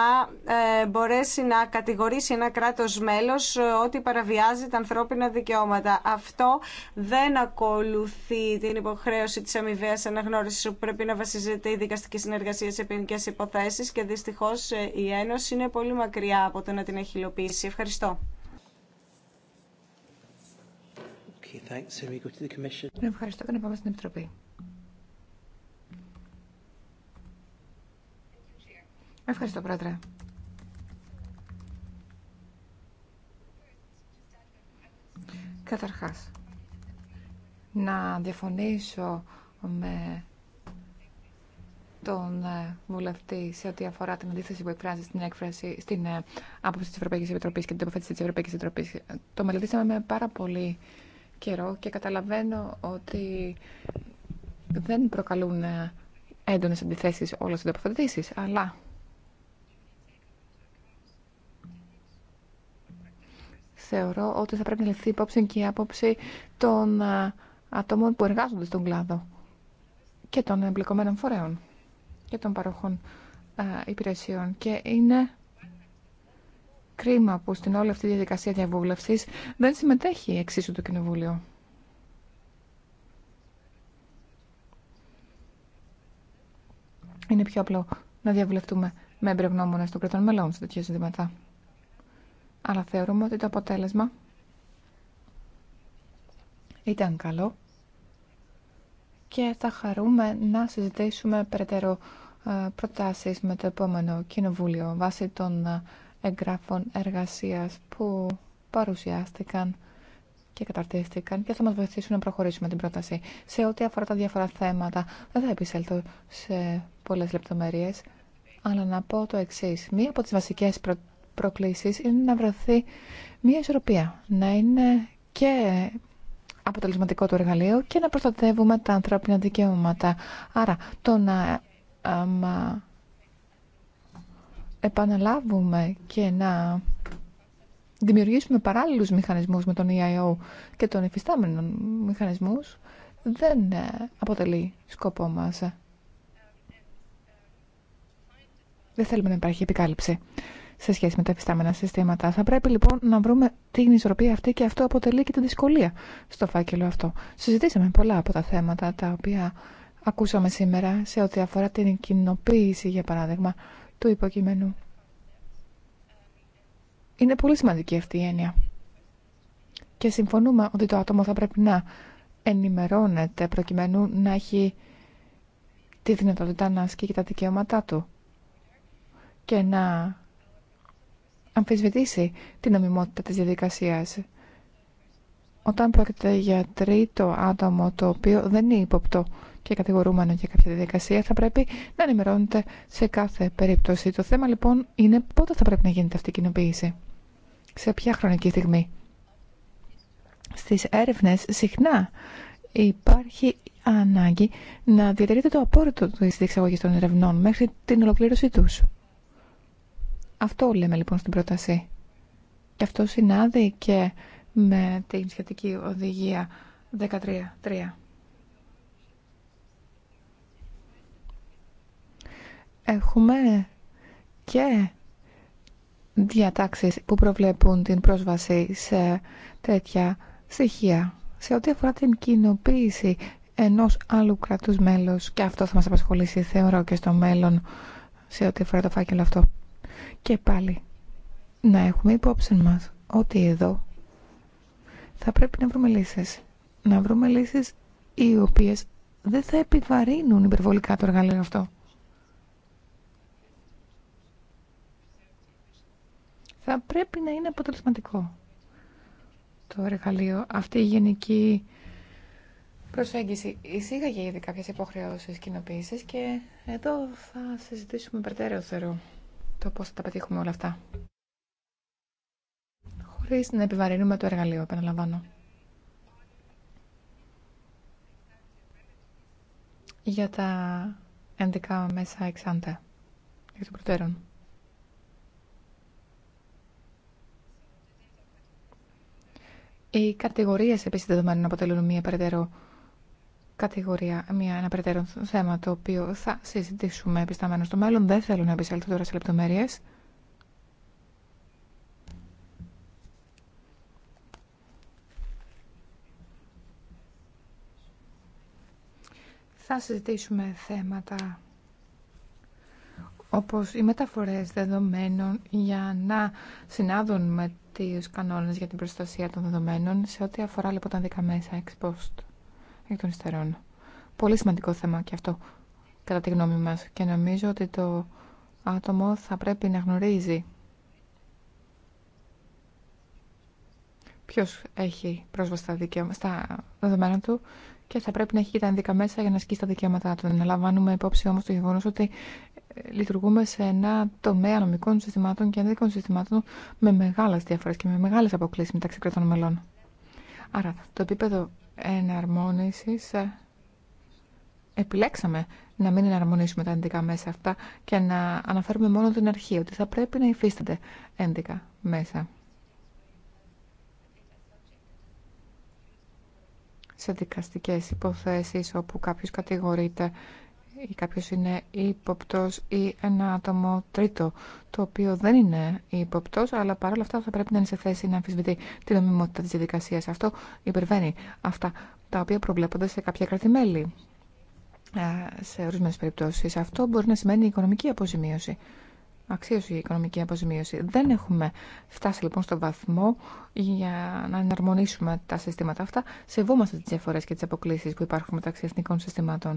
E: ε, μπορέσει να κατηγορήσει ένα κράτος μέλος ότι παραβιάζει τα ανθρώπινα δικαιώματα. Αυτό δεν ακολουθεί την υποχρέωση της αμοιβαία αναγνώρισης που πρέπει να βασίζεται η δικαστική συνεργασία σε ποινικέ υποθέσεις και δυστυχώς η Ένωση είναι πολύ μακριά από το να την έχει υλοποιήσει. Ευχαριστώ.
B: Ευχαριστώ
A: και να πάμε στην Επιτροπή. Ευχαριστώ, Πρόεδρε. Καταρχάς, να διαφωνήσω με τον ε, βουλευτή σε ό,τι αφορά την αντίθεση που εκφράζει στην έκφραση, στην ε, άποψη τη Ευρωπαϊκή Επιτροπή και την τοποθέτηση τη Ευρωπαϊκή Επιτροπή. Ε, το μελετήσαμε με πάρα πολύ καιρό και καταλαβαίνω ότι δεν προκαλούν ε, έντονε αντιθέσεις όλε οι τοποθετήσει, αλλά θεωρώ ότι θα πρέπει να ληφθεί υπόψη και η άποψη των ε, ατόμων που εργάζονται στον κλάδο και των εμπλεκομένων φορέων και των παροχών ε, υπηρεσιών και είναι κρίμα που στην όλη αυτή τη διαδικασία διαβούλευση δεν συμμετέχει εξίσου το Κοινοβούλιο. Είναι πιο απλό να διαβουλευτούμε με εμπρεγνώμονε των κρατών μελών σε τέτοια ζητήματα. Αλλά θεωρούμε ότι το αποτέλεσμα ήταν καλό και θα χαρούμε να συζητήσουμε περαιτέρω ε, προτάσεις με το επόμενο κοινοβούλιο βάσει των ε, εγγράφων εργασίας που παρουσιάστηκαν και καταρτίστηκαν και θα μας βοηθήσουν να προχωρήσουμε την πρόταση. Σε ό,τι αφορά τα διάφορα θέματα, δεν θα επισέλθω σε πολλές λεπτομέρειες, αλλά να πω το εξή. Μία από τις βασικές προ... προκλήσεις είναι να βρεθεί μία ισορροπία, να είναι και αποτελεσματικό το εργαλείο και να προστατεύουμε τα ανθρώπινα δικαιώματα. Άρα, το να ε, ε, επαναλάβουμε και να δημιουργήσουμε παράλληλους μηχανισμούς με τον EIO και τον υφιστάμενων μηχανισμούς δεν ε, αποτελεί σκοπό μας. Δεν θέλουμε να υπάρχει επικάλυψη σε σχέση με τα υφιστάμενα συστήματα. Θα πρέπει λοιπόν να βρούμε την ισορροπία αυτή και αυτό αποτελεί και τη δυσκολία στο φάκελο αυτό. Συζητήσαμε πολλά από τα θέματα τα οποία ακούσαμε σήμερα σε ό,τι αφορά την κοινοποίηση, για παράδειγμα, του υποκειμένου. Είναι πολύ σημαντική αυτή η έννοια. Και συμφωνούμε ότι το άτομο θα πρέπει να ενημερώνεται προκειμένου να έχει τη δυνατότητα να ασκεί και τα δικαιώματά του και να αμφισβητήσει την νομιμότητα της διαδικασίας. Όταν πρόκειται για τρίτο άτομο το οποίο δεν είναι υποπτό και κατηγορούμενο για κάποια διαδικασία θα πρέπει να ενημερώνεται σε κάθε περίπτωση. Το θέμα λοιπόν είναι πότε θα πρέπει να γίνεται αυτή η κοινοποίηση. Σε ποια χρονική στιγμή. Στις έρευνες συχνά υπάρχει ανάγκη να διατηρείται το απόρριτο της διεξαγωγή των ερευνών μέχρι την ολοκλήρωσή τους. Αυτό λέμε λοιπόν στην πρόταση. Και αυτό συνάδει και με την σχετική οδηγία 13.3. έχουμε και διατάξεις που προβλέπουν την πρόσβαση σε τέτοια στοιχεία. Σε ό,τι αφορά την κοινοποίηση ενός άλλου κρατούς μέλος και αυτό θα μας απασχολήσει θεωρώ και στο μέλλον σε ό,τι αφορά το φάκελο αυτό. Και πάλι να έχουμε υπόψη μας ότι εδώ θα πρέπει να βρούμε λύσεις. Να βρούμε λύσεις οι οποίες δεν θα επιβαρύνουν υπερβολικά το εργαλείο αυτό. θα πρέπει να είναι αποτελεσματικό το εργαλείο. Αυτή η γενική προσέγγιση εισήγαγε ήδη κάποιες υποχρεώσεις κοινοποίηση και εδώ θα συζητήσουμε περαιτέρω θεωρώ το πώς θα τα πετύχουμε όλα αυτά. Χωρίς να επιβαρύνουμε το εργαλείο, επαναλαμβάνω. Για τα ενδικά μέσα εξάντα, εκ των προτέρων. Οι κατηγορίε επίση δεδομένων αποτελούν μια περαιτέρω κατηγορία, μια, ένα περαιτέρω θέμα το οποίο θα συζητήσουμε επισταμένο στο μέλλον. Δεν θέλω να επισέλθω τώρα σε λεπτομέρειε. Θα συζητήσουμε θέματα όπως οι μεταφορές δεδομένων για να συνάδουν με τις κανόνες για την προστασία των δεδομένων σε ό,τι αφορά λοιπόν τα δικά μέσα ex post εκ των υστερών. Πολύ σημαντικό θέμα και αυτό κατά τη γνώμη μας και νομίζω ότι το άτομο θα πρέπει να γνωρίζει ποιος έχει πρόσβαση στα, δεδομένα του και θα πρέπει να έχει και τα ενδικά μέσα για να ασκήσει τα δικαιώματά του. Να λαμβάνουμε υπόψη όμως το γεγονό ότι λειτουργούμε σε ένα τομέα νομικών συστημάτων και ενδικών συστημάτων με μεγάλε διαφορέ και με μεγάλε αποκλήσει μεταξύ κρατών μελών. Άρα, το επίπεδο εναρμόνιση. Ε, επιλέξαμε να μην εναρμονίσουμε τα ενδικά μέσα αυτά και να αναφέρουμε μόνο την αρχή ότι θα πρέπει να υφίστανται ενδικά μέσα. σε δικαστικές υποθέσεις όπου κάποιος κατηγορείται ή κάποιος είναι ύποπτος ή ένα άτομο τρίτο το οποίο δεν είναι ύποπτος αλλά παρόλα αυτά θα πρέπει να είναι σε θέση να αμφισβητεί την νομιμότητα της διαδικασίας. Αυτό υπερβαίνει αυτά τα οποία προβλέπονται σε κάποια κρατημέλη. Ε, σε ορισμένες περιπτώσεις αυτό μπορεί να σημαίνει οικονομική αποζημίωση. Αξίωση η οικονομική αποζημίωση. Δεν έχουμε της διαδικασια αυτο υπερβαινει αυτα τα οποια προβλεπονται σε καποια κρατημελη σε ορισμενες περιπτωσεις λοιπόν στον βαθμό για να εναρμονίσουμε τα συστήματα αυτά. Σεβόμαστε τις διαφορές και τις αποκλήσει που υπάρχουν μεταξύ εθνικών συστημάτων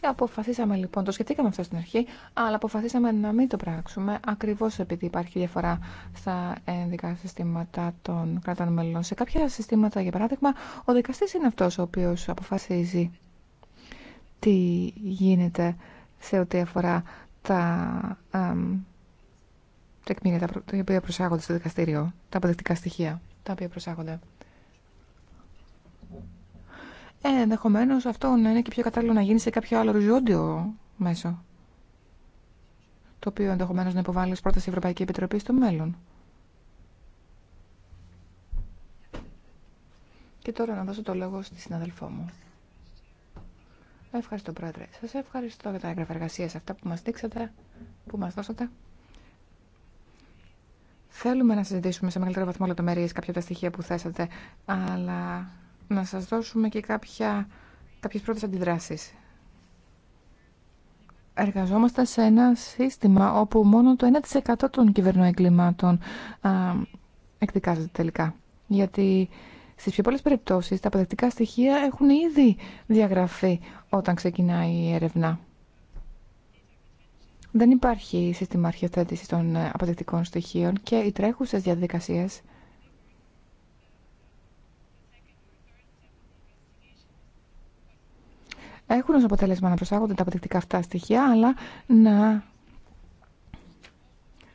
A: αποφασίσαμε λοιπόν, το σκεφτήκαμε αυτό στην αρχή, αλλά αποφασίσαμε να μην το πράξουμε ακριβώ επειδή υπάρχει διαφορά στα ενδικά συστήματα των κρατών μελών. Σε κάποια συστήματα, για παράδειγμα, ο δικαστή είναι αυτό ο οποίο αποφασίζει τι γίνεται σε ό,τι αφορά τα τεκμήρια τα, τα οποία προσάγονται στο δικαστήριο, τα αποδεκτικά στοιχεία τα οποία προσάγονται. Ε, ενδεχομένω αυτό να είναι και πιο κατάλληλο να γίνει σε κάποιο άλλο οριζόντιο μέσο. Το οποίο ενδεχομένω να υποβάλει ω πρόταση η Ευρωπαϊκή Επιτροπή στο μέλλον. Και τώρα να δώσω το λόγο στη συναδελφό μου. Ευχαριστώ, Πρόεδρε. Σα ευχαριστώ για τα έγγραφα εργασία αυτά που μα δείξατε, που μα δώσατε. Θέλουμε να συζητήσουμε σε μεγαλύτερο βαθμό λεπτομέρειε κάποια από τα στοιχεία που θέσατε, αλλά να σας δώσουμε και κάποιε πρώτε πρώτες Εργαζόμαστε σε ένα σύστημα όπου μόνο το 1% των κυβερνοεγκλημάτων α, εκδικάζεται τελικά. Γιατί στις πιο πολλές περιπτώσεις τα αποδεκτικά στοιχεία έχουν ήδη διαγραφεί όταν ξεκινάει η έρευνα. Δεν υπάρχει σύστημα αρχιοθέτηση των ε, αποδεκτικών στοιχείων και οι τρέχουσες διαδικασίες έχουν ως αποτέλεσμα να προσάγονται τα αποδεκτικά αυτά στοιχεία, αλλά να,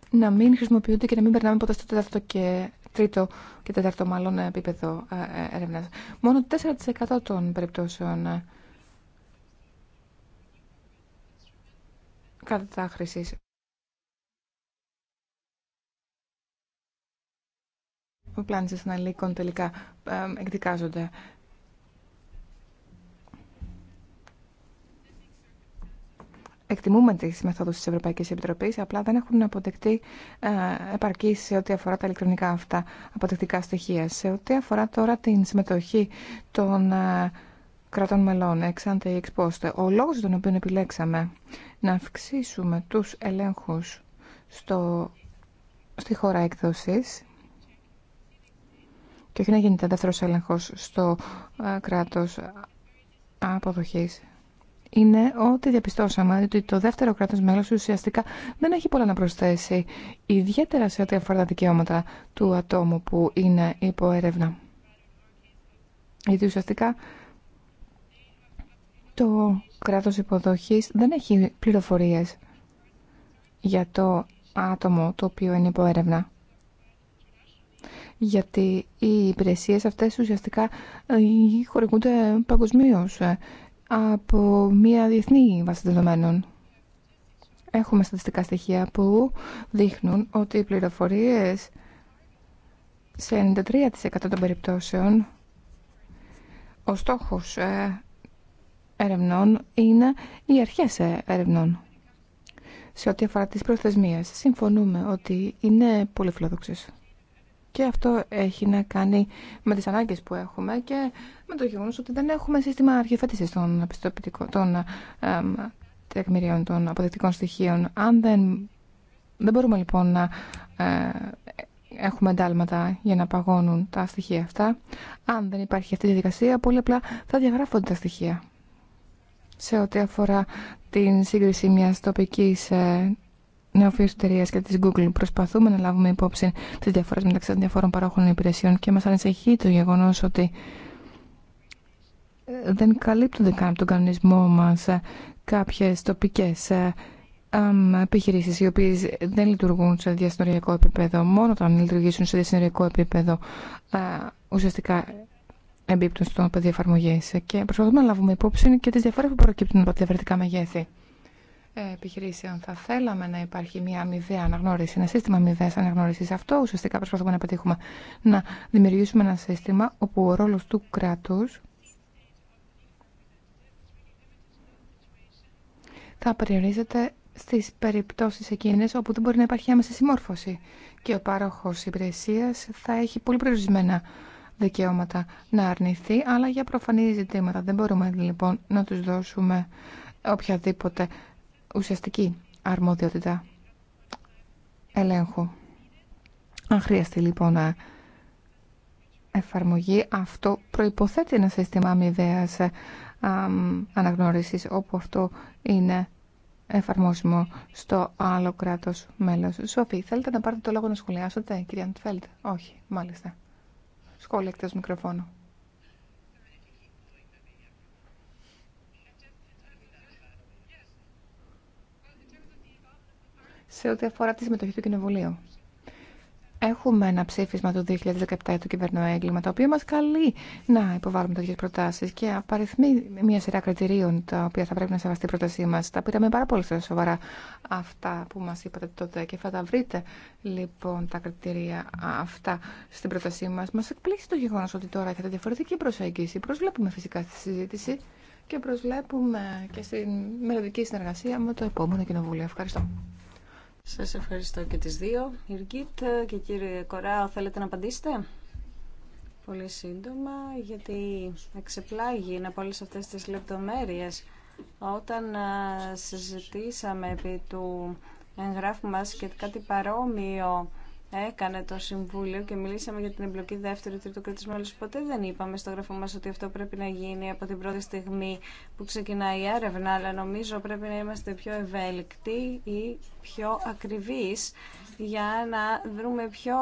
A: να μην χρησιμοποιούνται και να μην περνάμε ποτέ στο τέταρτο και τρίτο και τέταρτο μάλλον επίπεδο ε, ε, έρευνα. Μόνο 4% των περιπτώσεων κατάχρησης. Οι πλάνησες αναλύκων τελικά εκδικάζονται. Εκτιμούμε τις μεθόδους της Ευρωπαϊκής Επιτροπής, απλά δεν έχουν αποδεκτεί ε, επαρκή σε ό,τι αφορά τα ηλεκτρονικά αυτά αποδεκτικά στοιχεία. Σε ό,τι αφορά τώρα την συμμετοχή των ε, κρατών μελών, εξάντε ή εξπόστε. Ο λόγος τον οποίο επιλέξαμε να αυξήσουμε τους ελέγχους στο, στη χώρα έκδοσης και όχι να γίνεται δεύτερος έλεγχος στο ε, κράτος αποδοχής είναι ότι διαπιστώσαμε ότι το δεύτερο κράτος μέλος ουσιαστικά δεν έχει πολλά να προσθέσει, ιδιαίτερα σε ό,τι αφορά τα δικαιώματα του ατόμου που είναι υπό έρευνα. Γιατί ουσιαστικά το κράτος υποδοχής δεν έχει πληροφορίες για το άτομο το οποίο είναι υπό έρευνα. Γιατί οι υπηρεσίε αυτές ουσιαστικά ε, χορηγούνται παγκοσμίω ε, από μια διεθνή βάση δεδομένων. Έχουμε στατιστικά στοιχεία που δείχνουν ότι οι πληροφορίες σε 93% των περιπτώσεων ο στόχος ε, ερευνών είναι οι αρχέ ε, ερευνών. Σε ό,τι αφορά τις προθεσμίες, συμφωνούμε ότι είναι πολύ φιλοδόξες. Και αυτό έχει να κάνει με τις ανάγκες που έχουμε και με το γεγονός ότι δεν έχουμε σύστημα αρχιεφέτησης των, των τεκμηρίων των αποδεκτικών στοιχείων. Αν δεν, δεν μπορούμε λοιπόν να ε, έχουμε εντάλματα για να παγώνουν τα στοιχεία αυτά, αν δεν υπάρχει αυτή η διαδικασία, πολύ απλά θα διαγράφονται τα στοιχεία σε ό,τι αφορά την σύγκριση μιας τοπικής ε, νεοφιλελευθερία και τη Google. Προσπαθούμε να λάβουμε υπόψη τι διαφορέ μεταξύ των διαφόρων παρόχων υπηρεσιών και μα ανησυχεί το γεγονό ότι ε, δεν καλύπτονται καν από τον κανονισμό μα ε, κάποιε τοπικέ επιχειρήσει οι οποίε δεν λειτουργούν σε διασυνοριακό επίπεδο. Μόνο όταν λειτουργήσουν σε διασυνοριακό επίπεδο ουσιαστικά εμπίπτουν στον πεδίο και προσπαθούμε να λάβουμε υπόψη και τι διαφορέ που προκύπτουν από τα διαφορετικά μεγέθη ε, επιχειρήσεων. Θα θέλαμε να υπάρχει μια αμοιβαία αναγνώριση, ένα σύστημα αμοιβαία αναγνώριση. Αυτό ουσιαστικά προσπαθούμε να πετύχουμε. Να δημιουργήσουμε ένα σύστημα όπου ο ρόλο του κράτου θα περιορίζεται στι περιπτώσει εκείνες όπου δεν μπορεί να υπάρχει άμεση συμμόρφωση και ο πάροχο υπηρεσία θα έχει πολύ περιορισμένα δικαιώματα να αρνηθεί, αλλά για προφανή ζητήματα. Δεν μπορούμε λοιπόν να τους δώσουμε οποιαδήποτε ουσιαστική αρμοδιότητα ελέγχου. Αν χρειαστεί λοιπόν να εφαρμογή, αυτό προϋποθέτει ένα σύστημα αμοιβαίας αναγνώρισης, όπου αυτό είναι εφαρμόσιμο στο άλλο κράτος μέλος. Σοφή, θέλετε να πάρετε το λόγο να σχολιάσετε, κυρία Ντφέλτ. Όχι, μάλιστα. Σχόλια εκτό μικροφώνου. σε ό,τι αφορά τη συμμετοχή του Κοινοβουλίου. Έχουμε ένα ψήφισμα του 2017 του έγκλημα, το οποίο μας καλεί να υποβάλουμε τέτοιες προτάσεις και απαριθμεί μια σειρά κριτηρίων τα οποία θα πρέπει να σεβαστεί η πρότασή μας. Τα πήραμε πάρα πολύ σοβαρά αυτά που μας είπατε τότε και θα τα βρείτε λοιπόν τα κριτηρία αυτά στην πρότασή μας. Μας εκπλήσει το γεγονό ότι τώρα έχετε διαφορετική προσέγγιση. Προσβλέπουμε φυσικά στη συζήτηση και προσβλέπουμε και στη μελλοντική συνεργασία με το επόμενο κοινοβούλιο. Ευχαριστώ.
E: Σας ευχαριστώ και τις δύο. Ιργίτ και κύριε Κορά. θέλετε να απαντήσετε. Πολύ σύντομα, γιατί εξεπλάγει από όλες αυτές τις λεπτομέρειες. Όταν συζητήσαμε επί του εγγράφου μας και κάτι παρόμοιο έκανε το Συμβούλιο και μιλήσαμε για την εμπλοκή δεύτερου τρίτου κράτου μέλου. Ποτέ δεν είπαμε στο γραφείο μα ότι αυτό πρέπει να γίνει από την πρώτη στιγμή που ξεκινάει η έρευνα, αλλά νομίζω πρέπει να είμαστε πιο ευέλικτοι ή πιο ακριβεί για να δούμε ποιο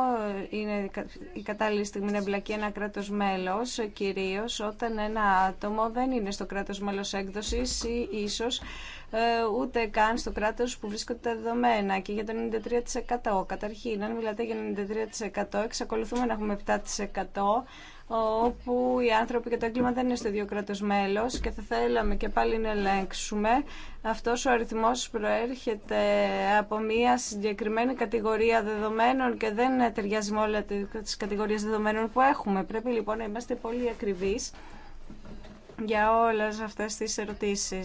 E: είναι η κατάλληλη στιγμή να εμπλακεί ένα κράτο μέλο, κυρίω όταν ένα άτομο δεν είναι στο κράτο μέλο έκδοση ή ίσω ε, ούτε καν στο κράτος που βρίσκονται τα δεδομένα και για το 93%. Καταρχήν, αν μιλάτε για 93%, εξακολουθούμε να έχουμε 7% όπου οι άνθρωποι και το έγκλημα δεν είναι στο ίδιο κράτο μέλο και θα θέλαμε και πάλι να ελέγξουμε. Αυτό ο αριθμό προέρχεται από μια συγκεκριμένη κατηγορία δεδομένων και δεν ταιριάζει με όλα τι κατηγορίε δεδομένων που έχουμε. Πρέπει λοιπόν να είμαστε πολύ ακριβεί για όλε αυτέ τι ερωτήσει.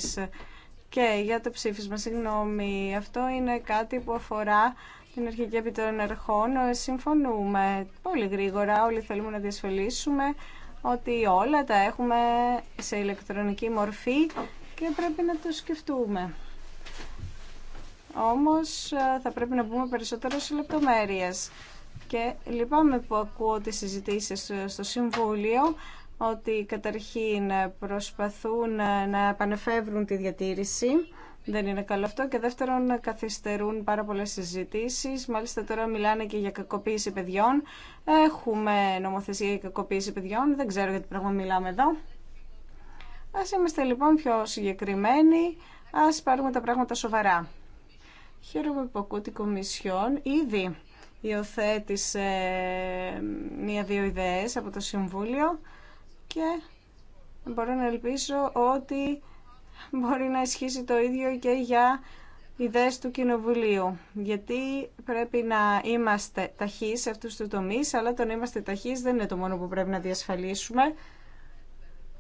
E: Και για το ψήφισμα, συγγνώμη, αυτό είναι κάτι που αφορά την αρχική Επιτροπή των ερχών. Συμφωνούμε πολύ γρήγορα, όλοι θέλουμε να διασφαλίσουμε ότι όλα τα έχουμε σε ηλεκτρονική μορφή και πρέπει να το σκεφτούμε. Όμως ε, θα πρέπει να πούμε περισσότερο σε λεπτομέρειες. Και λυπάμαι που ακούω τις συζητήσεις ε, στο Συμβούλιο, ότι καταρχήν προσπαθούν να επανεφεύρουν τη διατήρηση. Δεν είναι καλό αυτό. Και δεύτερον, καθυστερούν πάρα πολλέ συζητήσει. Μάλιστα, τώρα μιλάνε και για κακοποίηση παιδιών. Έχουμε νομοθεσία για κακοποίηση παιδιών. Δεν ξέρω γιατί πράγμα μιλάμε εδώ. Α είμαστε λοιπόν πιο συγκεκριμένοι. Α πάρουμε τα πράγματα σοβαρά. Χαίρομαι που ακούω την Κομισιόν ήδη υιοθέτησε μία-δύο ιδέες από το Συμβούλιο και μπορώ να ελπίσω ότι μπορεί να ισχύσει το ίδιο και για ιδέες του Κοινοβουλίου. Γιατί πρέπει να είμαστε ταχεί σε αυτούς τους τομείς, αλλά το να είμαστε ταχεί δεν είναι το μόνο που πρέπει να διασφαλίσουμε.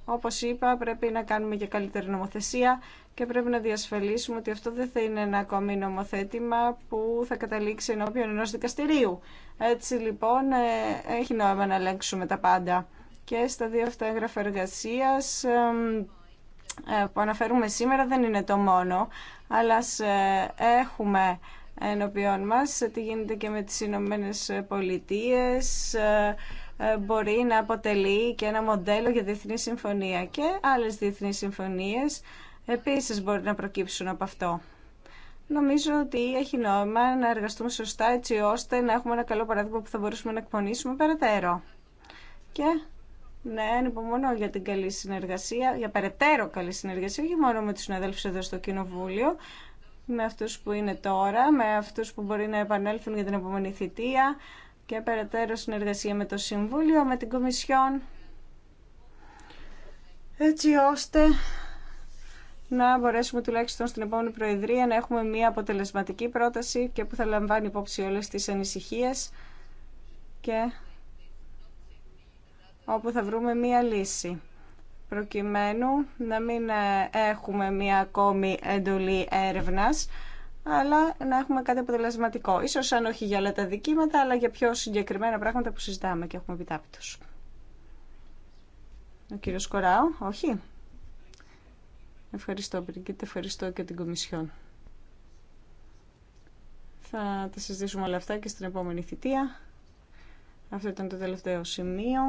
E: Όπως είπα, πρέπει να κάνουμε και καλύτερη νομοθεσία και πρέπει να διασφαλίσουμε ότι αυτό δεν θα είναι ένα ακόμη νομοθέτημα που θα καταλήξει ενώπιον ενός δικαστηρίου. Έτσι λοιπόν ε, έχει νόημα να ελέγξουμε τα πάντα και στα δύο αυτά έγγραφα εργασία ε, που αναφέρουμε σήμερα δεν είναι το μόνο, αλλά ε, έχουμε ενώπιόν μας τι γίνεται και με τις Ηνωμένε Πολιτείε ε, μπορεί να αποτελεί και ένα μοντέλο για διεθνή συμφωνία και άλλες διεθνείς συμφωνίες επίσης μπορεί να προκύψουν από αυτό. Νομίζω ότι έχει νόημα να εργαστούμε σωστά έτσι ώστε να έχουμε ένα καλό παράδειγμα που θα μπορούσαμε να εκπονήσουμε περαιτέρω. Και ναι, ανυπομονώ για την καλή συνεργασία, για περαιτέρω καλή συνεργασία, όχι μόνο με τους συναδέλφους εδώ στο Κοινοβούλιο, με αυτούς που είναι τώρα, με αυτούς που μπορεί να επανέλθουν για την επόμενη θητεία και περαιτέρω συνεργασία με το Συμβούλιο, με την Κομισιόν, έτσι ώστε να μπορέσουμε τουλάχιστον στην επόμενη Προεδρία να έχουμε μια αποτελεσματική πρόταση και που θα λαμβάνει υπόψη όλες τις ανησυχίες και όπου θα βρούμε μία λύση προκειμένου να μην ε, έχουμε μία ακόμη εντολή έρευνας αλλά να έχουμε κάτι αποτελεσματικό. Ίσως αν όχι για όλα τα δικήματα, αλλά για πιο συγκεκριμένα πράγματα που συζητάμε και έχουμε επιτάπητος. Ο κύριος Κοράου, όχι. Ευχαριστώ, Μπριγκίτ, ευχαριστώ και την Κομισιόν. Θα τα συζητήσουμε όλα αυτά και στην επόμενη θητεία. Αυτό ήταν το τελευταίο σημείο.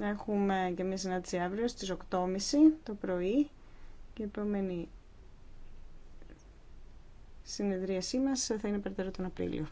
E: Έχουμε και μια συνάντηση αύριο στις 8.30 το πρωί και η επόμενη συνεδρίασή μας θα είναι περαιτέρω τον Απρίλιο.